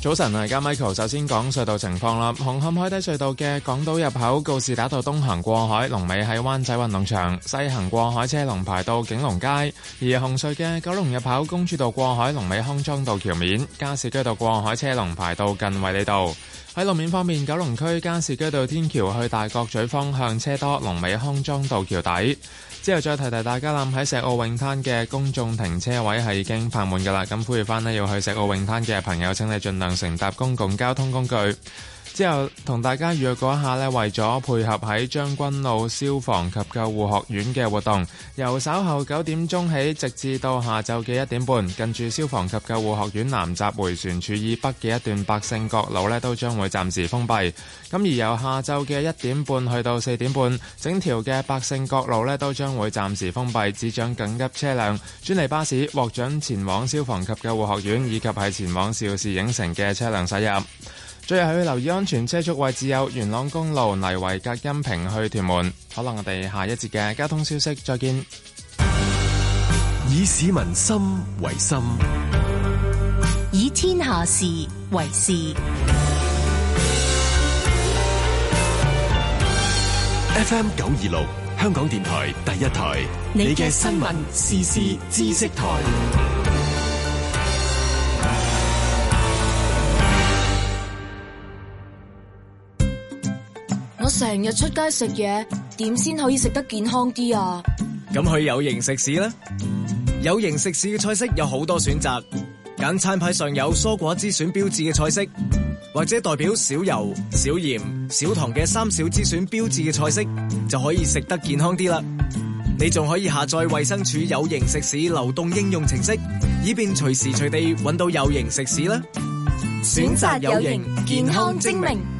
Speaker 4: 早晨啊，而家 Michael，首先講隧道情況啦。紅磡海底隧道嘅港島入口告士打道東行過海，龍尾喺灣仔運動場；西行過海車龍排到景隆街。而紅隧嘅九龍入口公主道過海，龍尾康莊道橋面；加士居道過海車龍排到近衛理道。喺路面方面，九龍區加士居道天橋去大角咀方向車多，龍尾康莊道橋底。之後再提提大家喇，喺石澳泳灘嘅公眾停車位係已經泊滿㗎啦。咁呼籲返呢，要去石澳泳灘嘅朋友，請你盡量乘搭公共交通工具。之後同大家預告一下呢，為為咗配合喺將軍澳消防及救護學院嘅活動，由稍後九點鐘起，直至到下晝嘅一點半，近住消防及救護學院南閘回旋處以北嘅一段百勝角路呢都將會暫時封閉。咁而由下晝嘅一點半去到四點半，整條嘅百勝角路呢都將會暫時封閉，只准緊急車輛、專利巴士獲准前往消防及救護學院，以及係前往邵氏影城嘅車輛駛入。最後要留意安全車速位置，有元朗公路泥圍隔音屏去屯門，可能我哋下一節嘅交通消息再見。以市民心為心，
Speaker 2: 以天下事為事。
Speaker 3: FM 九二六，香港電台第一台，你嘅新聞時事知識台。
Speaker 2: 成日出街食嘢，點先可以食得健康啲啊？
Speaker 3: 咁去有形食肆啦。有形食肆嘅菜式有好多選擇，揀餐牌上有蔬果之選標誌嘅菜式，或者代表少油、少鹽、少糖嘅三少之選標誌嘅菜式，就可以食得健康啲啦。你仲可以下載衛生署有形食肆流動應用程式，以便隨時隨地
Speaker 4: 搵到有形食肆啦。
Speaker 3: 選擇有形，
Speaker 4: 健康精明。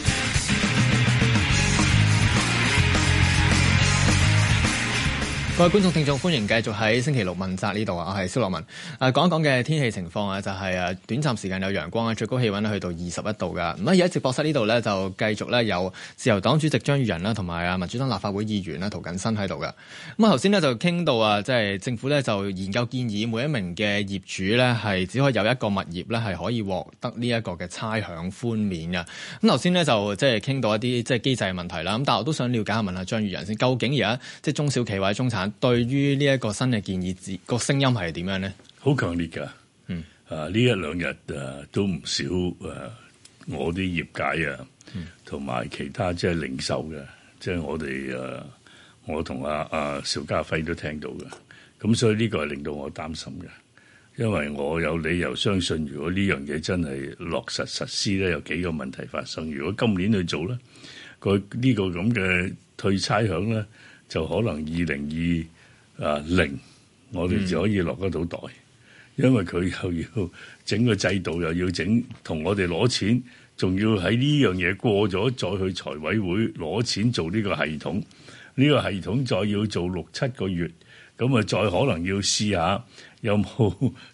Speaker 3: 各位觀眾、聽眾，歡迎繼續喺星期六問責呢度啊！我係蕭樂文，誒講一講嘅天氣情況啊，就係，誒短暫時間有陽光啊，最高氣溫去到二十一度噶。咁而喺直播室呢度咧，就繼續咧有自由黨主席張宇人啦，同埋啊民主黨立法會議員啦涂謹申喺度噶。咁啊頭先咧就傾到啊即係政府咧就研究建議每一名嘅業主咧係只可以有一個物業咧係可以獲得這的的呢一個嘅差餉寬免噶。咁頭先咧就即係傾到一啲即係機制嘅問題啦。咁但係我都想了解下問下張宇人先，究竟而家即係中小企或者中產？對於呢一個新嘅建議，個聲音係點樣
Speaker 7: 咧？好強烈噶，嗯，啊呢一兩日啊都唔少誒、啊，我啲業界啊，同埋、嗯、其他即係零售嘅，即、就、係、是、我哋誒、啊，我同阿阿邵家輝都聽到嘅，咁所以呢個係令到我擔心嘅，因為我有理由相信，如果呢樣嘢真係落實實施咧，有幾個問題發生。如果今年去做咧，佢、這、呢個咁嘅退差餉咧。就可能二零二啊零，我哋就可以落得到袋，因為佢又要整個制度，又要整同我哋攞錢，仲要喺呢樣嘢過咗再去財委會攞錢做呢個系統，呢、呢個系統再要做六七個月，咁啊再可能要試下有冇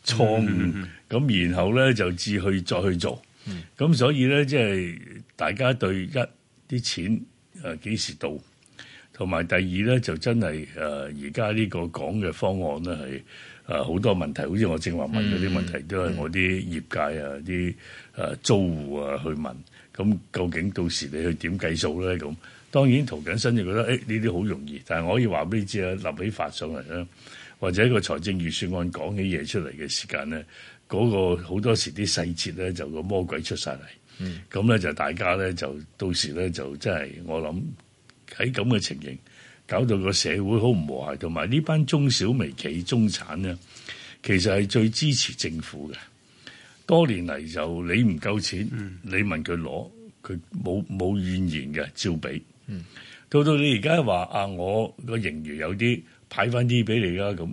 Speaker 7: 錯誤，咁、嗯嗯、然後咧就至去再去做，咁、嗯、所以咧即係大家對一啲錢誒幾、啊、時到？同埋第二咧，就真係誒而家呢個講嘅方案咧，係誒好多問題，好似我正話問嗰啲問題，嗯、都係我啲業界啊、啲、啊、誒租戶啊去問，咁究竟到時你去點計數咧？咁當然涂謹申就覺得誒呢啲好容易，但係我可以話俾你知啊，立起法上嚟咧，或者一個財政預算案講起嘢出嚟嘅時間咧，嗰、嗰個好多時啲細節咧，就個魔鬼出晒嚟，咁咧、嗯、就大家咧就到時咧就真係我諗。喺咁嘅情形，搞到個社會好唔和諧，同埋呢班中小微企中產咧，其實係最支持政府嘅。多年嚟就你唔夠錢，嗯、你問佢攞，佢冇冇怨言嘅照俾。到、嗯、到你而家話啊，我個盈餘有啲派翻啲俾你啦，咁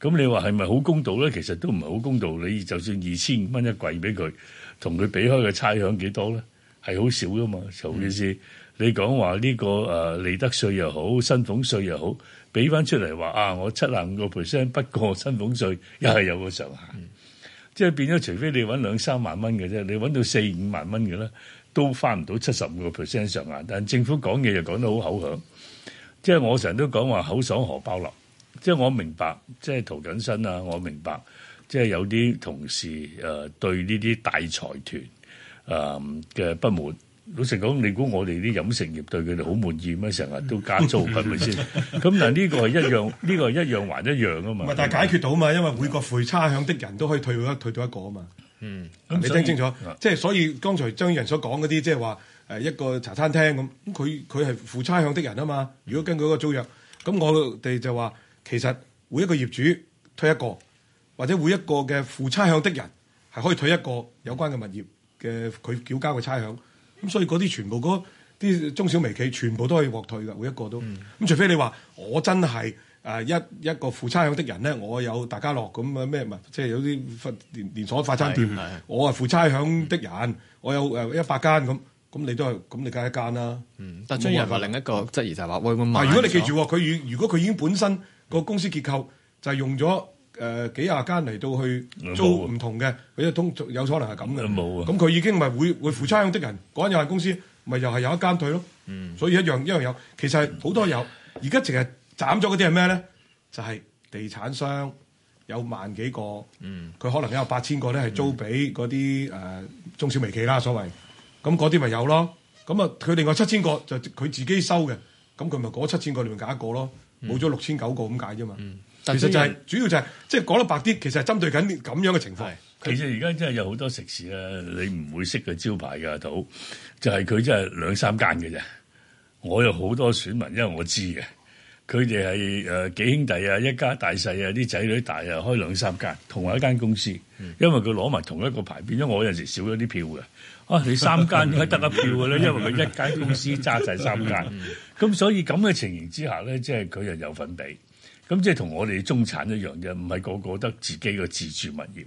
Speaker 7: 咁你話係咪好公道咧？其實都唔係好公道。你就算二千五蚊一季俾佢，同佢俾開嘅差餉幾多咧？係好少噶嘛，尤其是。嗯你講話呢個誒利得稅又好，薪俸稅又好，俾翻出嚟話啊，我七十五個 percent 不過薪俸稅，又係有個上限，嗯、即係變咗除非你揾兩三萬蚊嘅啫，你揾到四五萬蚊嘅咧，都翻唔到七十五個 percent 上限。但政府講嘢又講得好口響，即係我成日都講話口爽荷包落，即係我明白，即係涂謹申啊，我明白，即係有啲同事誒、呃、對呢啲大財團誒嘅、呃、不滿。老實講，你估我哋啲飲食業對佢哋好滿意咩？成日都加租，係咪先？咁嗱、嗯，呢 個係一樣，呢個係一樣還一樣啊嘛。但解決
Speaker 6: 到嘛？是是因為每個負差餉的人都可以退退到一個啊嘛。
Speaker 7: 嗯，你聽清楚，即係、嗯、所以，所以所以剛才張宇
Speaker 6: 人所講嗰啲，即係話一個茶餐廳咁，佢佢係負差餉的人啊嘛。如果根據嗰個租約，咁我哋就話其實每一個業主退一個，或者每一個嘅負差餉的人係可以退一個有關嘅物業嘅佢繳交嘅差餉。咁所以嗰啲全部嗰啲中小微企全部都可以獲退嘅，每一個都咁，嗯、除非你話我真係誒、呃、一一個負差餉的人咧，我有大家樂咁啊咩物，即係有啲連連鎖快餐店，我係負差餉的人，嗯、我有誒一百間咁，咁你都係咁，你加一間啦。嗯，將來樣另
Speaker 3: 一個質疑就係話喂，唔、嗯、會問，如果你記住
Speaker 6: 佢，如果佢已經本身個公司結構就係用咗。誒、呃、幾廿間嚟到去租唔同嘅，佢就通有可能係咁嘅。冇啊！咁佢已經咪會會負差額的人，嗰間有限公司咪又係有一間退咯。嗯，所以一樣一樣有，其實好多有。而家淨係斬咗嗰啲係咩咧？就係、是、地產商有萬幾個。嗯，佢可能有八千個咧，係租俾嗰啲誒中小微企啦，所謂咁嗰啲咪有咯。咁啊，佢另外七千個就佢自己收嘅，咁佢咪嗰七千個裏面揀一個咯，冇咗六千九個咁解啫嘛。嗯.其實就係、是、人主要就係即係講得白啲，其實
Speaker 7: 針對緊咁樣嘅情況。其實而家真係有好多食肆咧，你唔會識佢招牌嘅到，就係、是、佢真係兩三間嘅啫。我有好多選民，因為我知嘅，佢哋係誒幾兄弟啊，一家大細啊，啲仔女大啊，開兩三間，同埋一間公司，因為佢攞埋同一個牌，變咗我有時少咗啲票嘅。啊，你三間點解得一票嘅咧？ 因為佢一間公司揸晒三間，咁 所以咁嘅情形之下咧，即係佢又有份俾。咁即係同我哋中產一樣嘅，唔係個個得自己嘅自住物業。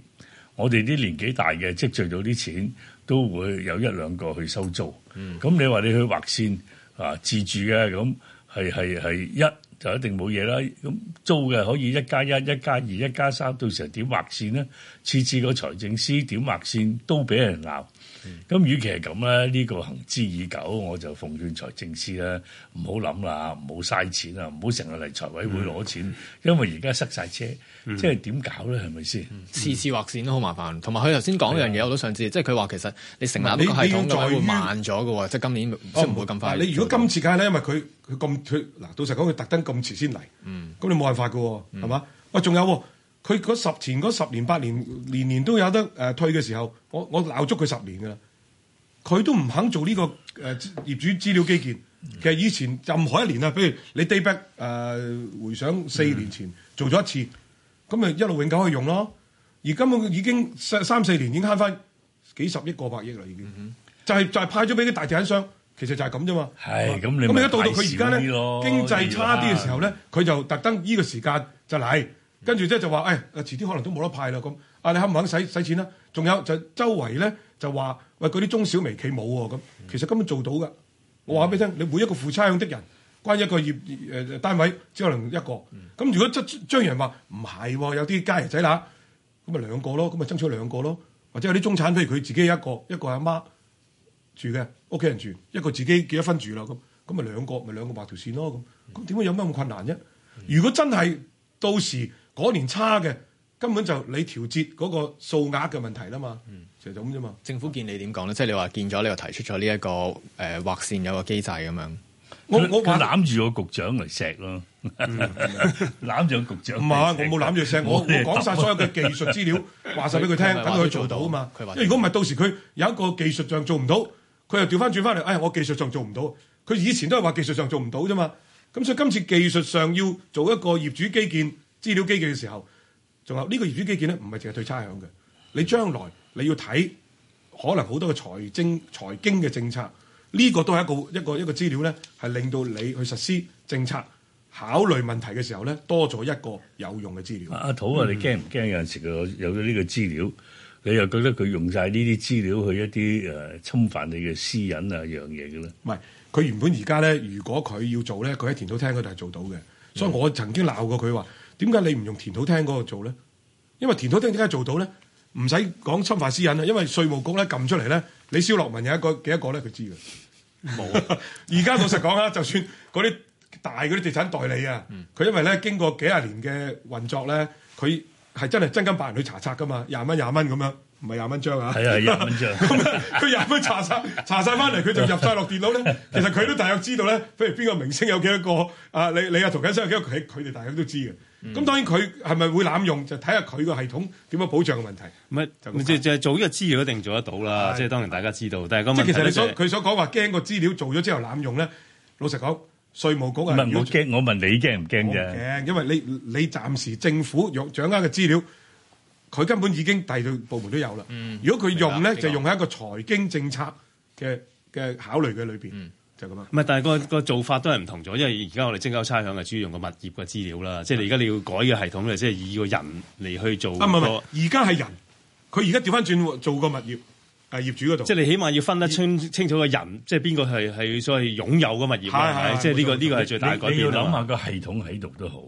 Speaker 7: 我哋啲年紀大嘅積聚到啲錢，都會有一兩個去收租。咁、嗯、你話你去劃線啊，自住嘅咁係係係一就一定冇嘢啦。咁租嘅可以一加一、一加二、一加三，3，到時候點劃線呢？次次個財政司點劃線都俾人鬧。咁，嗯、與其係咁咧，呢、呢個行之已久，我就奉勸財政司啦，唔好諗啦，唔好嘥錢啦，唔好成日嚟財委會攞錢，嗯、因為而家塞晒車，嗯、即係點搞咧？係咪
Speaker 3: 先？次次劃線都好麻煩，同埋佢頭先講呢樣嘢，啊、我都想知，即係佢話其實你成立呢個系統再會慢咗㗎喎，即係今年唔會咁快。你
Speaker 6: 如果今次梗係咧，因為佢佢咁嗱，到實講佢特登咁遲先嚟，咁、嗯、你冇辦法嘅，係嘛、嗯？喂，仲有。佢嗰十前嗰十年八年年年都有得、呃、退嘅時候，我我鬧足佢十年噶啦，佢都唔肯做呢、這個誒、呃、業主資料基建。其實以前任何一年啊，譬如你 day back、呃、回想四年前做咗一次，咁咪、嗯、一路永久去用咯。而根本已經三四年已經慳翻幾十億過百億啦，已經、嗯嗯、就係、是、就是、派咗俾啲大地產商，其實就係咁啫嘛。係咁是，咁嗎一到到佢而家咧經濟差啲嘅時候咧，佢就特登依個時間就嚟。跟住即係就話，誒、哎、誒遲啲可能都冇得派啦咁。啊，你肯唔肯使使錢啊？仲有就周圍咧就話，喂嗰啲中小微企冇喎咁。嗯、其實根本做到噶。嗯、我話俾你聽，嗯、你每一個負差餉的人關於一個業誒、呃、單位只可能一個。咁、嗯嗯嗯、如果將將人話唔係，有啲家爺仔乸咁咪兩個咯，咁咪爭取兩個，個咯。或者有啲中產，譬如佢自己一個，一個阿媽住嘅屋企人住，一個自己幾多分住啦咁，咁咪兩個咪兩、就是、個畫條線咯咁。咁點解有咩咁困難啫？嗯、如果真係到時。嗰年差嘅根本就你調節嗰個數額嘅問題啦嘛，嗯、就咁啫嘛。
Speaker 3: 政府見你點講咧？即係你話見咗，你又提出咗呢一個誒、呃、劃線有個機制咁樣。
Speaker 6: 我我攬
Speaker 3: 住個局長嚟
Speaker 7: 錫咯，攬住、嗯、 局長。唔係， 我冇攬住錫我，我講晒所有嘅技術資料話晒俾佢聽，等佢 做到啊嘛。如果
Speaker 6: 唔係，到時佢有一個技術上做唔到，佢又調翻轉翻嚟。哎，我技術上做唔到，佢以前都係話技術上做唔到啫嘛。咁所以今次技術上要做一個業主基建。資料基建嘅時候，仲有這個呢個業主基建咧，唔係淨係對差餉嘅。你將來你要睇，可能好多嘅財政、財經嘅政策，呢、這個都係一個一個一個資料咧，係令到你去實施政策、考慮問題嘅時候咧，多咗一個有用嘅資料。啊、阿涂啊，你驚
Speaker 7: 唔驚？有陣時佢有咗呢個資料，嗯、你又覺得佢用晒呢啲資料去一啲誒、呃、侵犯你嘅私隱啊樣嘢嘅咧？唔係，佢原本而家咧，如果佢要做咧，佢喺田土廳佢哋
Speaker 6: 係做到嘅。所以我曾經鬧過佢話。點解你唔用田土廳嗰個做咧？因為田土廳點解做到咧？唔使講侵犯私隱啦，因為稅務局咧撳出嚟咧，你肖樂文有一個幾多個咧，佢知嘅。
Speaker 5: 冇、
Speaker 6: 啊，而家 老實講啊，就算嗰啲大嗰啲地產代理啊，佢、嗯、因為咧經過幾廿年嘅運作咧，佢係真係真金白銀去查冊噶嘛，廿蚊廿蚊咁樣，唔係廿蚊張啊。係啊，廿蚊張。咁佢廿蚊查冊，查晒翻嚟佢就入晒落電腦咧。 其實佢都大約知道咧，譬如邊個明星有幾多個，啊，你你涂謹申幾多，佢哋大家都知嘅。咁、嗯、當然佢係咪會濫用，就睇下佢個系統點樣保障嘅問題。
Speaker 5: 唔係是就就，就做呢個資料一定做得到啦，即係的當然大家知道。但係其實你
Speaker 6: 所佢、就是、所講話驚個資料做咗之後濫用咧，老實講，稅務局啊，唔係
Speaker 7: 驚，我問你驚唔驚啫？
Speaker 6: 驚，因為你你暫時政府用掌握嘅資料，佢根本已經第二部門都有啦。嗯、如果佢用咧，就用喺一個財經政策嘅嘅考慮嘅裏面。嗯就咁
Speaker 5: 唔係，但係、嗰個、嗰個做法都係唔同咗，因為而家我哋徵收差餉係主要用個物業嘅資料啦，即係你而家你要改嘅系統咧，即係以個人嚟去做。唔係，唔係，而家係人，佢而家調翻轉做個物業誒業主嗰度。即係你起碼要分得清業清楚嘅人，即係邊個係係所謂擁有嘅物業。係係，即係呢個呢錯、呢個係、呢個、最大的你。你要諗下
Speaker 7: 個系統喺度都好，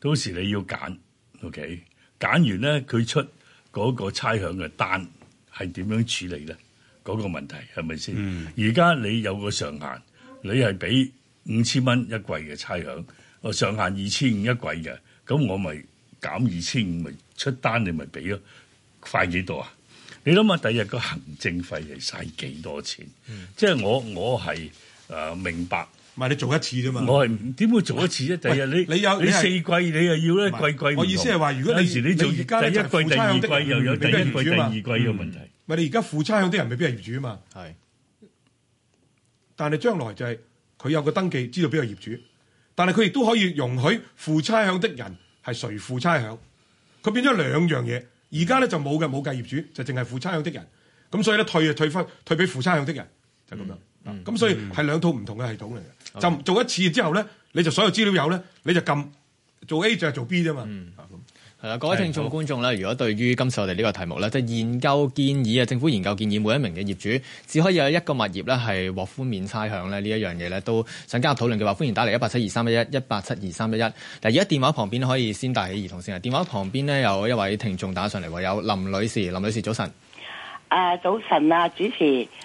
Speaker 7: 到時你要揀，OK？揀完咧，佢出嗰個差餉嘅單係點樣處理咧？嗰個問題係咪先？而家你有個上限，你係俾五千蚊一季嘅差餉，我上限二千五一季嘅，咁我咪減二千五，咪出單你咪俾咯，快幾多啊？你諗下，第日個行政費係嘥幾多錢？即係我我係誒明白，唔係你做一次啫嘛，我係點會做一次啫？第日你你有你四季你又要咧季季，我意思係話如果你你而家你就一季第二季又有第一季第二季嘅問題。
Speaker 6: 咪你而家付差餉啲人未必係業主啊嘛？係但係將來就係、是、佢有個登記，知道邊個係業主，但係佢亦都可以容許付差餉的人係誰付差餉，佢變咗兩樣嘢。而家咧就冇嘅，冇計業主，就淨係付差餉的人。咁所以咧退啊退翻，退俾付差餉的人就咁樣。咁所以係兩套唔同嘅系統嚟嘅。就做一次之後咧，你就所有資料有咧，你就撳做 A 就係做 B 啫嘛。嗯啊。
Speaker 3: 係啦，各位聽眾觀眾咧，如果對於今次我哋呢個題目咧，即、就、係、是、研究建議啊，政府研究建議，每一名嘅業主只可以有一個物業咧係獲寬免差餉咧呢一樣嘢咧，都想加入討論嘅話，歡迎打嚟一八七二三一一一八七二三一一。嗱，而家電話旁邊可以先帶起兒童先啊。電話旁邊咧有一位聽眾打上嚟，有林女士，林女士早晨。
Speaker 8: 誒、啊，早晨啊，主持，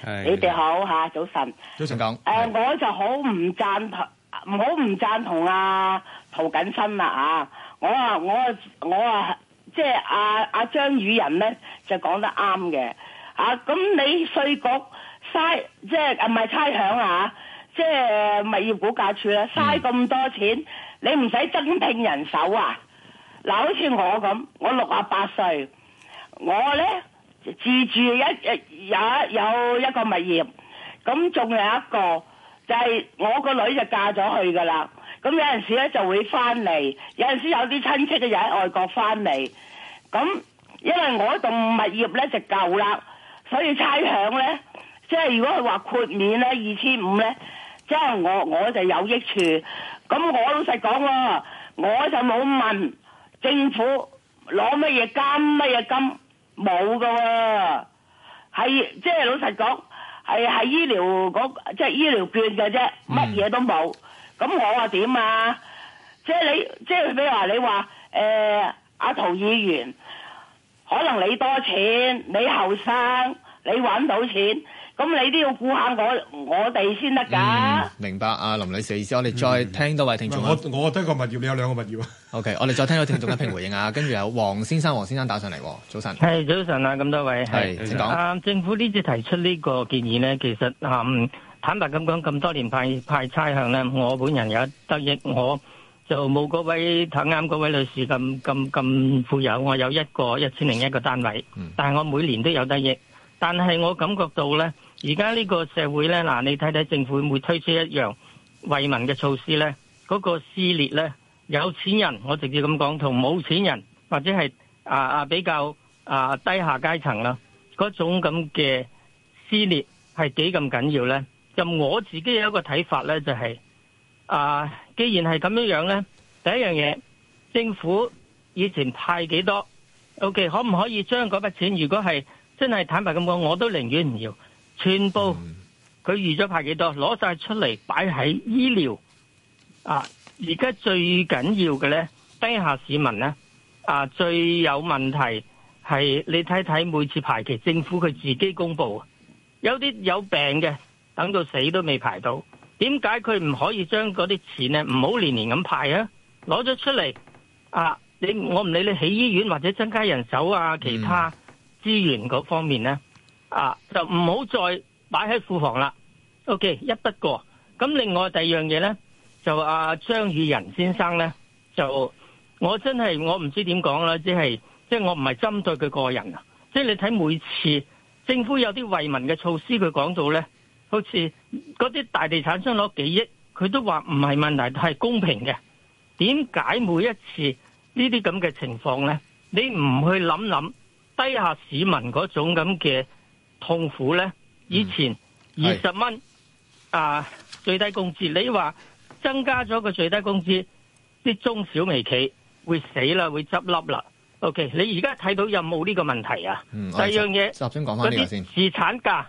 Speaker 8: 的你哋好吓、啊，早晨，早晨講。誒、啊，我就好唔贊同，唔好唔贊同啊，涂謹申啦啊。我話我我話即係阿阿張宇仁咧就講得啱嘅啊，咁你稅局嘥即係唔係差餉啊？啊啊即係、啊、物業估價處咧嘥咁多錢，你唔使增聘人手啊？嗱、啊，好似我咁，我六啊八歲，我咧自住一有有一個物業，咁仲有一個就係、是、我個女就嫁咗去噶啦。咁有陣時咧就會翻嚟，有陣時有啲親戚嘅又喺外國翻嚟。咁因為我度物業咧就夠啦，所以差餉咧，即係如果佢話豁免咧二千五咧，即係我我就有益處。咁我老實講喎、啊，我就冇問政府攞乜嘢金乜嘢金，冇㗎喎，係即係老實講係喺醫療嗰即係醫療券嘅啫，乜嘢都冇。嗯咁我話點啊？即係你，即係譬如話你話誒，阿陶議員，可能你多錢，你後生，你搵到錢，咁你都要顧下我，我哋先得噶。
Speaker 3: 明白阿林女士嘅意思，我哋再聽多位聽眾。我我得個物業，你有兩個物業。OK，我哋再聽多聽眾一併回應啊！跟住有黃先生，黃先生打上嚟，早晨。
Speaker 1: 係早晨啊！咁多位係，請講。啊，政府呢次提出呢個建議咧，其實啊。坦白咁講，咁多年派派差餉咧，我本人有得益，我就冇嗰位啱啱嗰位女士咁咁咁富有。我有一個一千零一個單位，但係我每年都有得益。但係我感覺到咧，而家呢個社會咧，嗱，你睇睇政府會推出一樣惠民嘅措施咧，嗰個撕裂咧，有錢人我直接咁講，同冇錢人或者係啊啊比較啊低下階層啦，嗰種咁嘅撕裂係幾咁緊要咧？咁我自己有一個睇法咧、就是，就係啊，既然係咁樣樣咧，第一樣嘢，政府以前派幾多，OK，可唔可以將嗰筆錢，如果係真係坦白咁講，我都寧願唔要，全部佢預咗派幾多，攞曬出嚟擺喺醫療啊！而家最緊要嘅咧，低下市民咧啊，最有問題係你睇睇每次排期，政府佢自己公布啊，有啲有病嘅。等到死都未排到，點解佢唔可以將嗰啲錢咧，唔好年年咁派啊？攞咗出嚟啊！你我唔理你起醫院或者增加人手啊，其他資源嗰方面咧啊，就唔好再擺喺庫房啦。O、okay, K，一筆過咁。另外第二樣嘢咧，就阿、啊、張宇人先生咧，就我真係我唔知點講啦，即係即係我唔係針對佢個人啊，即、就、係、是、你睇每次政府有啲惠民嘅措施到呢，佢講到咧。好似嗰啲大地產商攞幾億，佢都話唔係問題，係公平嘅。點解每一次呢啲咁嘅情況咧？你唔去諗諗低下市民嗰種咁嘅痛苦咧？以前二十蚊啊最低工資，你話增加咗個最低工資，啲中小微企會死啦，會執笠啦。OK，你而家睇到有冇呢個問題啊？嗯、第二樣嘢，嗰啲資產價，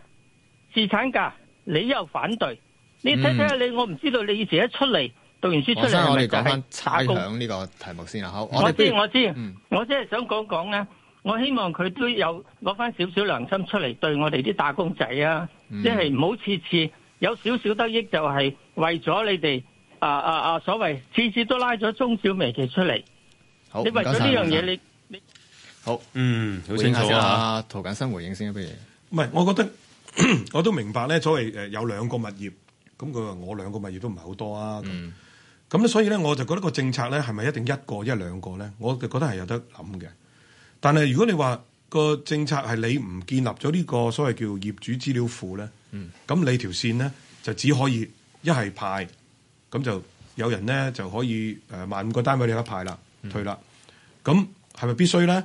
Speaker 1: 資產價。你又反對？你睇睇下你，嗯、我唔知道你以前一出嚟讀完書出嚟我我哋講翻差餉呢個
Speaker 3: 題目先啦好，我知我，我知，
Speaker 1: 嗯、我即係想講講咧，我希望佢都有攞翻少少良心出嚟對我哋啲打工仔啊！即係唔好次次有少少得益就係為咗你哋啊啊啊！所謂次次都拉咗中小微企出嚟，
Speaker 5: 好你為咗呢樣嘢你
Speaker 1: 你
Speaker 3: 好嗯，好清楚啊！涂謹申回應先，回應先，回應先不如唔係，我覺得。 我都明白咧，所
Speaker 1: 謂
Speaker 6: 誒有兩個物業，咁佢話我兩個物業都唔係好多啊。咁咁咧，所以咧，我就覺得個政策咧係咪一定一個一兩個咧？我就覺得係有得諗嘅。但係如果你話個政策係你唔建立咗呢個所謂叫業主資料庫咧，咁、嗯、你條線咧就只可以一係派，咁就有人咧就可以誒、呃，萬五個單位你得派啦，退啦，咁係咪必須咧？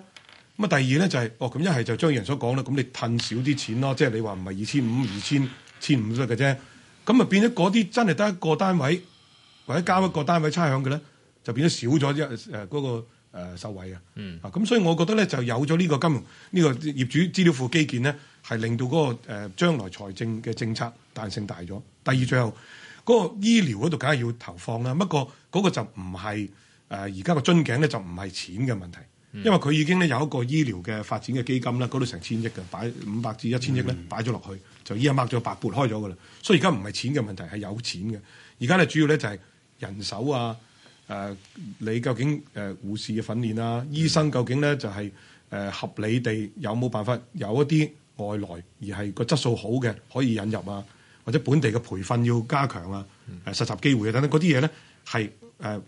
Speaker 6: 咁第二咧就係、是，哦咁一係就張宇人所講啦，咁你褪少啲錢咯，即係你話唔係二千五、二千千五都得嘅啫，咁啊變咗嗰啲真係得一個單位或者交一個單位差餉嘅咧，就變咗少咗一誒嗰個受、呃、惠啊。嗯，啊咁所以我覺得咧就有咗呢個金融呢、這個業主資料庫基建咧，係令到嗰、那個將、呃、將來財政嘅政策彈性大咗。第二最後嗰、那個醫療嗰度梗係要投放啦，不過嗰個就唔係而家個樽頸咧就唔係錢嘅問題。因為佢已經咧有一個醫療嘅發展嘅基金啦，嗰度成千億嘅，擺五百至一千億咧、嗯、擺咗落去，就已經擘咗白撥開咗㗎喇。所以而家唔係錢嘅問題，係有錢嘅。而家咧主要咧就係人手啊，誒、呃，你究竟誒、呃、護士嘅訓練啊，嗯、醫生究竟咧就係、是、誒、呃、合理地有冇辦法有一啲外來而係個質素好嘅可以引入啊，或者本地嘅培訓要加強啊，誒、呃、實習機會啊等等嗰啲嘢咧，係誒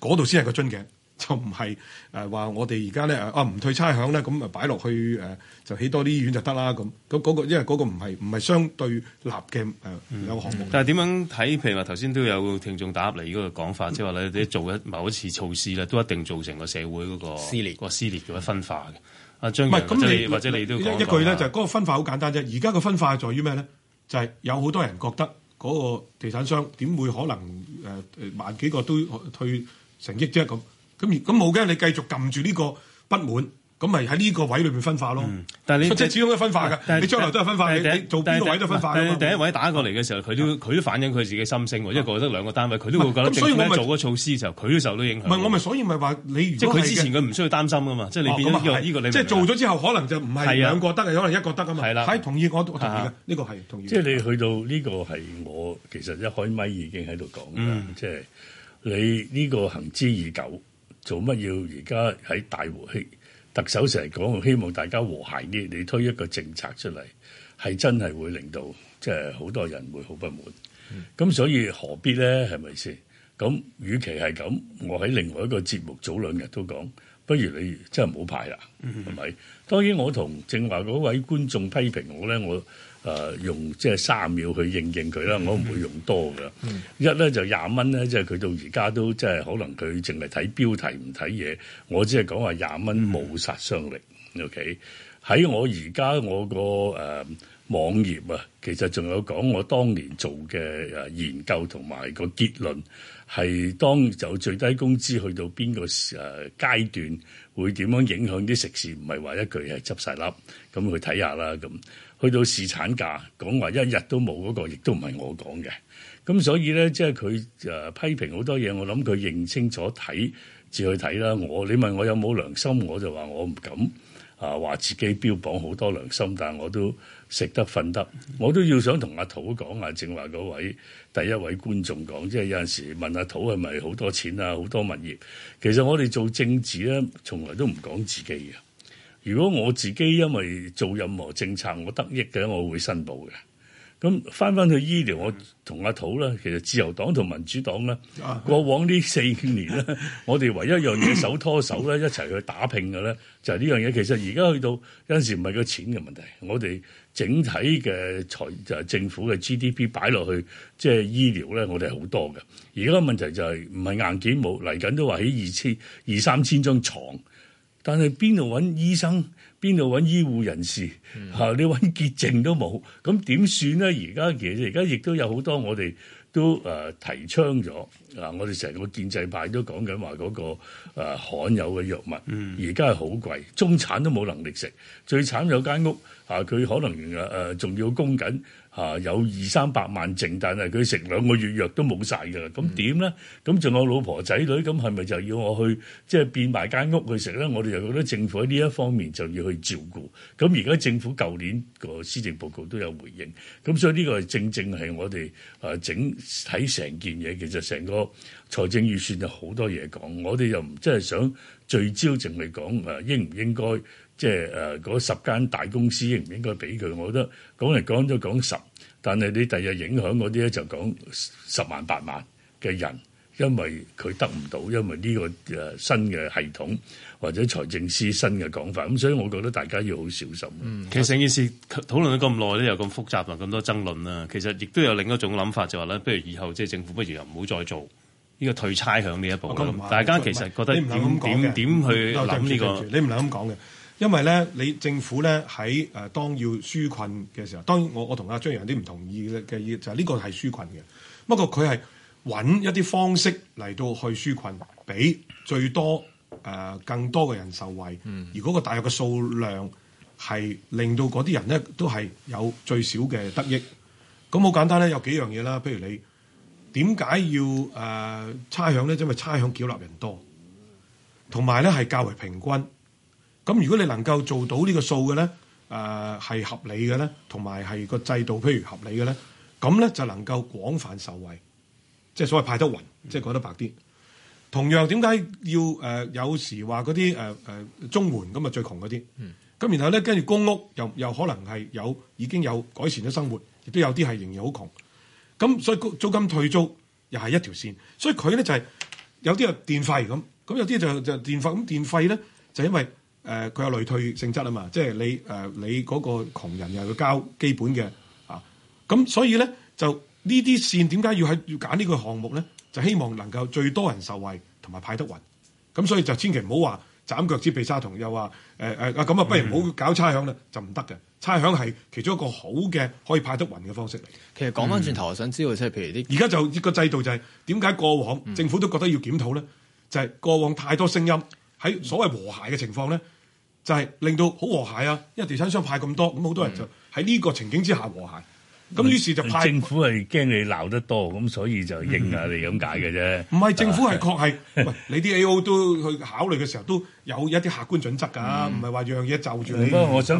Speaker 6: 嗰度先係個樽頸。就唔係誒話我哋而家咧啊唔退差餉咧，咁啊擺落去誒、呃、就起多啲醫院就得啦。咁嗰嗰個因為嗰個唔係唔係相對立嘅、呃嗯、有項目、嗯。
Speaker 5: 但係點樣睇？譬如話頭先都有聽眾打入嚟嗰個講法，即係話你做一某一次措施咧，都一定造成個社會嗰、那個、裂個撕裂個撕裂嘅分化嘅。阿、啊、張宇人你，你或者你都講一,一句咧，就係、
Speaker 6: 是、嗰個分化好簡單啫。而家個分化在於咩咧？就係、是、有好多人覺得嗰個地產商點會可能誒、呃、萬幾個都退成億啫咁。咁咁冇驚，你繼續撳住呢個不滿，咁咪喺呢個位裏邊分化咯。即係始終都分化嘅。你將來都係分化。你做邊個位都分化。第一位打
Speaker 5: 過嚟嘅時候，佢都佢都反映佢自己心聲喎。因為覺得兩個單位佢都會覺得，所以我做個措施時候，佢都受到影響。唔係我咪所以咪話你？即係佢之前佢唔需要擔心噶嘛。即係你變咗呢個你。即係做咗
Speaker 6: 之後，可能就唔係兩個
Speaker 7: 得嘅，可能一個得噶嘛。係啦，同意我同意嘅，呢個係同意。即係你去到呢個係我其實一開咪已經喺度講啦，即係你呢個行之已久。做乜要而家喺大和氣特首成日講，希望大家和諧啲？你推一個政策出嚟，係真係會令到即係好多人會好不滿，咁所以何必咧？係咪先？咁與其係咁，我喺另外一個節目早兩日都講，不如你真係唔好派啦，係咪、嗯哼？當然我同正話嗰位觀眾批評我咧，我。誒、呃、用即係三秒去認認佢啦，嗯、我唔會用多㗎。嗯、一咧就廿蚊咧，即係佢到而家都即係可能佢淨係睇標題唔睇嘢。我只係講話廿蚊冇殺傷力。O K 喺我而家我個誒、呃、網頁啊，其實仲有講我當年做嘅研究同埋個結論係當就最低工資去到邊個誒階段會點樣影響啲食肆，唔係話一句係「執晒笠」咁去睇下啦咁。去到侍產假講話一日都冇嗰個，亦都唔係我講嘅。咁所以呢，即係佢誒批評好多嘢，我諗佢認清楚睇，至去睇啦。我你問我有冇良心，我就話我唔敢啊，話自己標榜好多良心，但係我都食得瞓得，mm hmm. 我都要想同阿涂講啊，正話嗰位第一位觀眾講，即係有陣時問阿涂係咪好多錢啊，好多物業。其實我哋做政治呢，從來都唔講自己嘅。如果我自己因為做任何政策我得益嘅，我會申報嘅。咁翻翻去醫療，我同阿涂咧，其實自由黨同民主黨咧，過往呢四年咧， 我哋唯一一樣嘢手拖手咧，一齊去打拼嘅咧，就係呢樣嘢。其實而家去到有陣時唔係個錢嘅問題，我哋整體嘅財就係政府嘅 GDP 擺落去即係、就是、醫療咧，我哋好多嘅。而家問題就係唔係硬件冇，嚟緊都話起二千二三千張床。但係邊度揾醫生？邊度揾醫護人士？嚇、嗯啊、你揾潔淨都冇，咁點算咧？而家其實而家亦都有好多我哋都誒、呃、提倡咗啊！我哋成個建制派都講緊話嗰個、呃、罕有嘅藥物，而家係好貴，中產都冇能力食。最慘有間屋嚇，佢、啊、可能誒誒仲要供緊。啊！有二三百萬剩，但係佢食兩個月藥都冇晒㗎啦，咁點咧？咁仲有老婆仔女，咁係咪就要我去即係、就是、變埋間屋去食咧？我哋又覺得政府喺呢一方面就要去照顧。咁而家政府舊年個施政報告都有回應，咁所以呢個係正正係我哋誒整睇成件嘢，其實成個財政預算就好多嘢講，我哋又唔真係想聚焦淨係講誒應唔應該。即係誒嗰十間大公司應唔應該俾佢？我覺得講嚟講都講十，但係你第日影響嗰啲咧就講十萬八萬嘅人，因為佢得唔到，因為呢個誒新嘅系統或者財政司新嘅講法。咁所以，我覺得大家要好小心。嗯、其實
Speaker 5: 成件事討論咗咁耐咧，又咁複雜啊，咁多爭論啊，其實亦都有另一種諗法，就話咧，不如以後即係政府，不如又唔好再做呢個退差餉呢一步。大家其實覺得點點點去諗呢個？你
Speaker 6: 唔係咁講嘅。因為咧，你政府咧喺誒當要紓困嘅時候，當然我我同阿張楊啲唔同意嘅嘅嘢就係、是、呢個係紓困嘅，不過佢係揾一啲方式嚟到去紓困，俾最多誒、呃、更多嘅人受惠。嗯、而嗰個大約嘅數量係令到嗰啲人咧都係有最少嘅得益，咁好簡單咧，有幾樣嘢啦，譬如你點解要誒、呃、差餉咧？因為差餉繳納人多，同埋咧係較為平均。咁如果你能夠做到呢個數嘅咧，誒、呃、係合理嘅咧，同埋係個制度譬如合理嘅咧，咁咧就能夠廣泛受惠，即係所謂派得均，即係、嗯、講得白啲。同樣點解要誒、呃、有時話嗰啲誒中環咁啊最窮嗰啲，咁、嗯、然後咧跟住公屋又又可能係有已經有改善咗生活，亦都有啲係仍然好窮。咁所以租金退租又係一條線，所以佢咧就係、係、有啲啊電費咁，咁有啲就就電費咁電費咧就因為。誒佢、呃、有累退性質啊嘛，即係你、呃、你嗰個窮人又要交基本嘅啊，咁所以咧就呢啲線點解要喺要揀呢個項目咧？就希望能夠最多人受惠同埋派得勻，咁所以就千祈唔好話斬腳趾避沙蟲又話誒啊咁啊，不如唔好搞差餉啦，嗯、就唔得嘅。差餉係其中一個好嘅可以派得勻嘅方式嚟。其實講返轉頭，嗯、我想知道即係譬如啲而家就呢個制度就係點解過往政府都覺得要檢討咧，嗯、就係過往太多聲音喺所謂和諧嘅情況咧。就係令到好和諧啊，因為地產商派咁多，咁好多人就喺呢個情景之下和諧，咁、嗯、於是就派政
Speaker 7: 府係驚你鬧得多，咁所以就應下、嗯、你咁解嘅啫。
Speaker 6: 唔係是是政府係確係， 你啲 AO 都去考慮嘅時候都。有一啲客觀準則㗎，唔係話樣嘢就住你係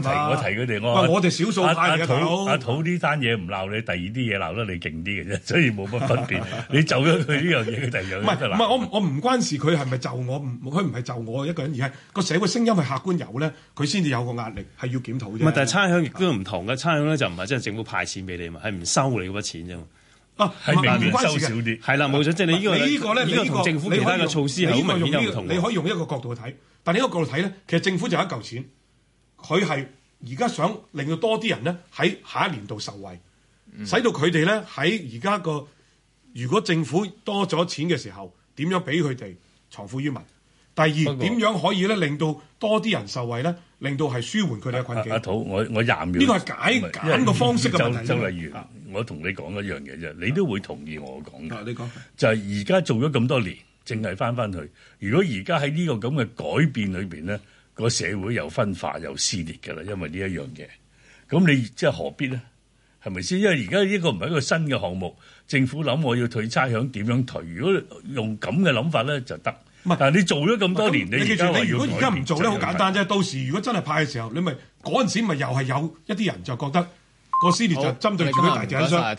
Speaker 6: 嘛？喂，我哋少數派嚟嘅老
Speaker 7: 阿土呢單嘢唔鬧你，第二啲嘢鬧得你勁啲嘅啫，所以冇乜分別。你就咗佢呢樣嘢，第二樣嘢。唔係
Speaker 6: 我我唔關事，佢係咪就我佢唔係就我一個人，而係個社會聲音係客觀有咧，佢先至有個壓力係要檢討啫。唔但係
Speaker 5: 差餉亦都唔同嘅，差餉咧就唔係即係政府派錢俾你嘛，係唔收你嗰筆錢啫。
Speaker 6: 嘛。係唔關事嘅，
Speaker 5: 係啦，冇錯，即係你呢個呢依個同政府其他嘅措施係明顯同你可以
Speaker 6: 用一個角度去睇。但呢個角度睇咧，其實政府就係一嚿錢，佢係而家想令到多啲人咧喺下一年度受惠，嗯、使到佢哋咧喺而家個如果政府多咗錢嘅時候，點樣俾佢哋藏富於民？第二點過樣可以咧令到多啲人受惠咧，令到係舒
Speaker 7: 緩佢哋嘅困境。阿、啊啊、涂，我我廿秒。呢個係解解個方式嘅問題。宇人、宇人議員，啊、我同你講一樣嘢啫，你都會同意我講嘅。你講、啊。就係而家做咗咁多年。淨係翻翻去。如果而家喺呢個咁嘅改變裏邊咧，個社會又分化又撕裂嘅啦，因為呢一樣嘢。咁你即係何必咧？係咪先？因為而家呢個唔係一個新嘅項目。政府諗我要退差餉點樣退？如果用咁嘅諗法咧就得。唔係，但係你做咗咁多年，那你而你如果而家唔做咧，好簡
Speaker 6: 單啫。到時如果真係派嘅時候，你咪嗰陣時咪又係有一啲人就覺得個撕裂就針對住啲大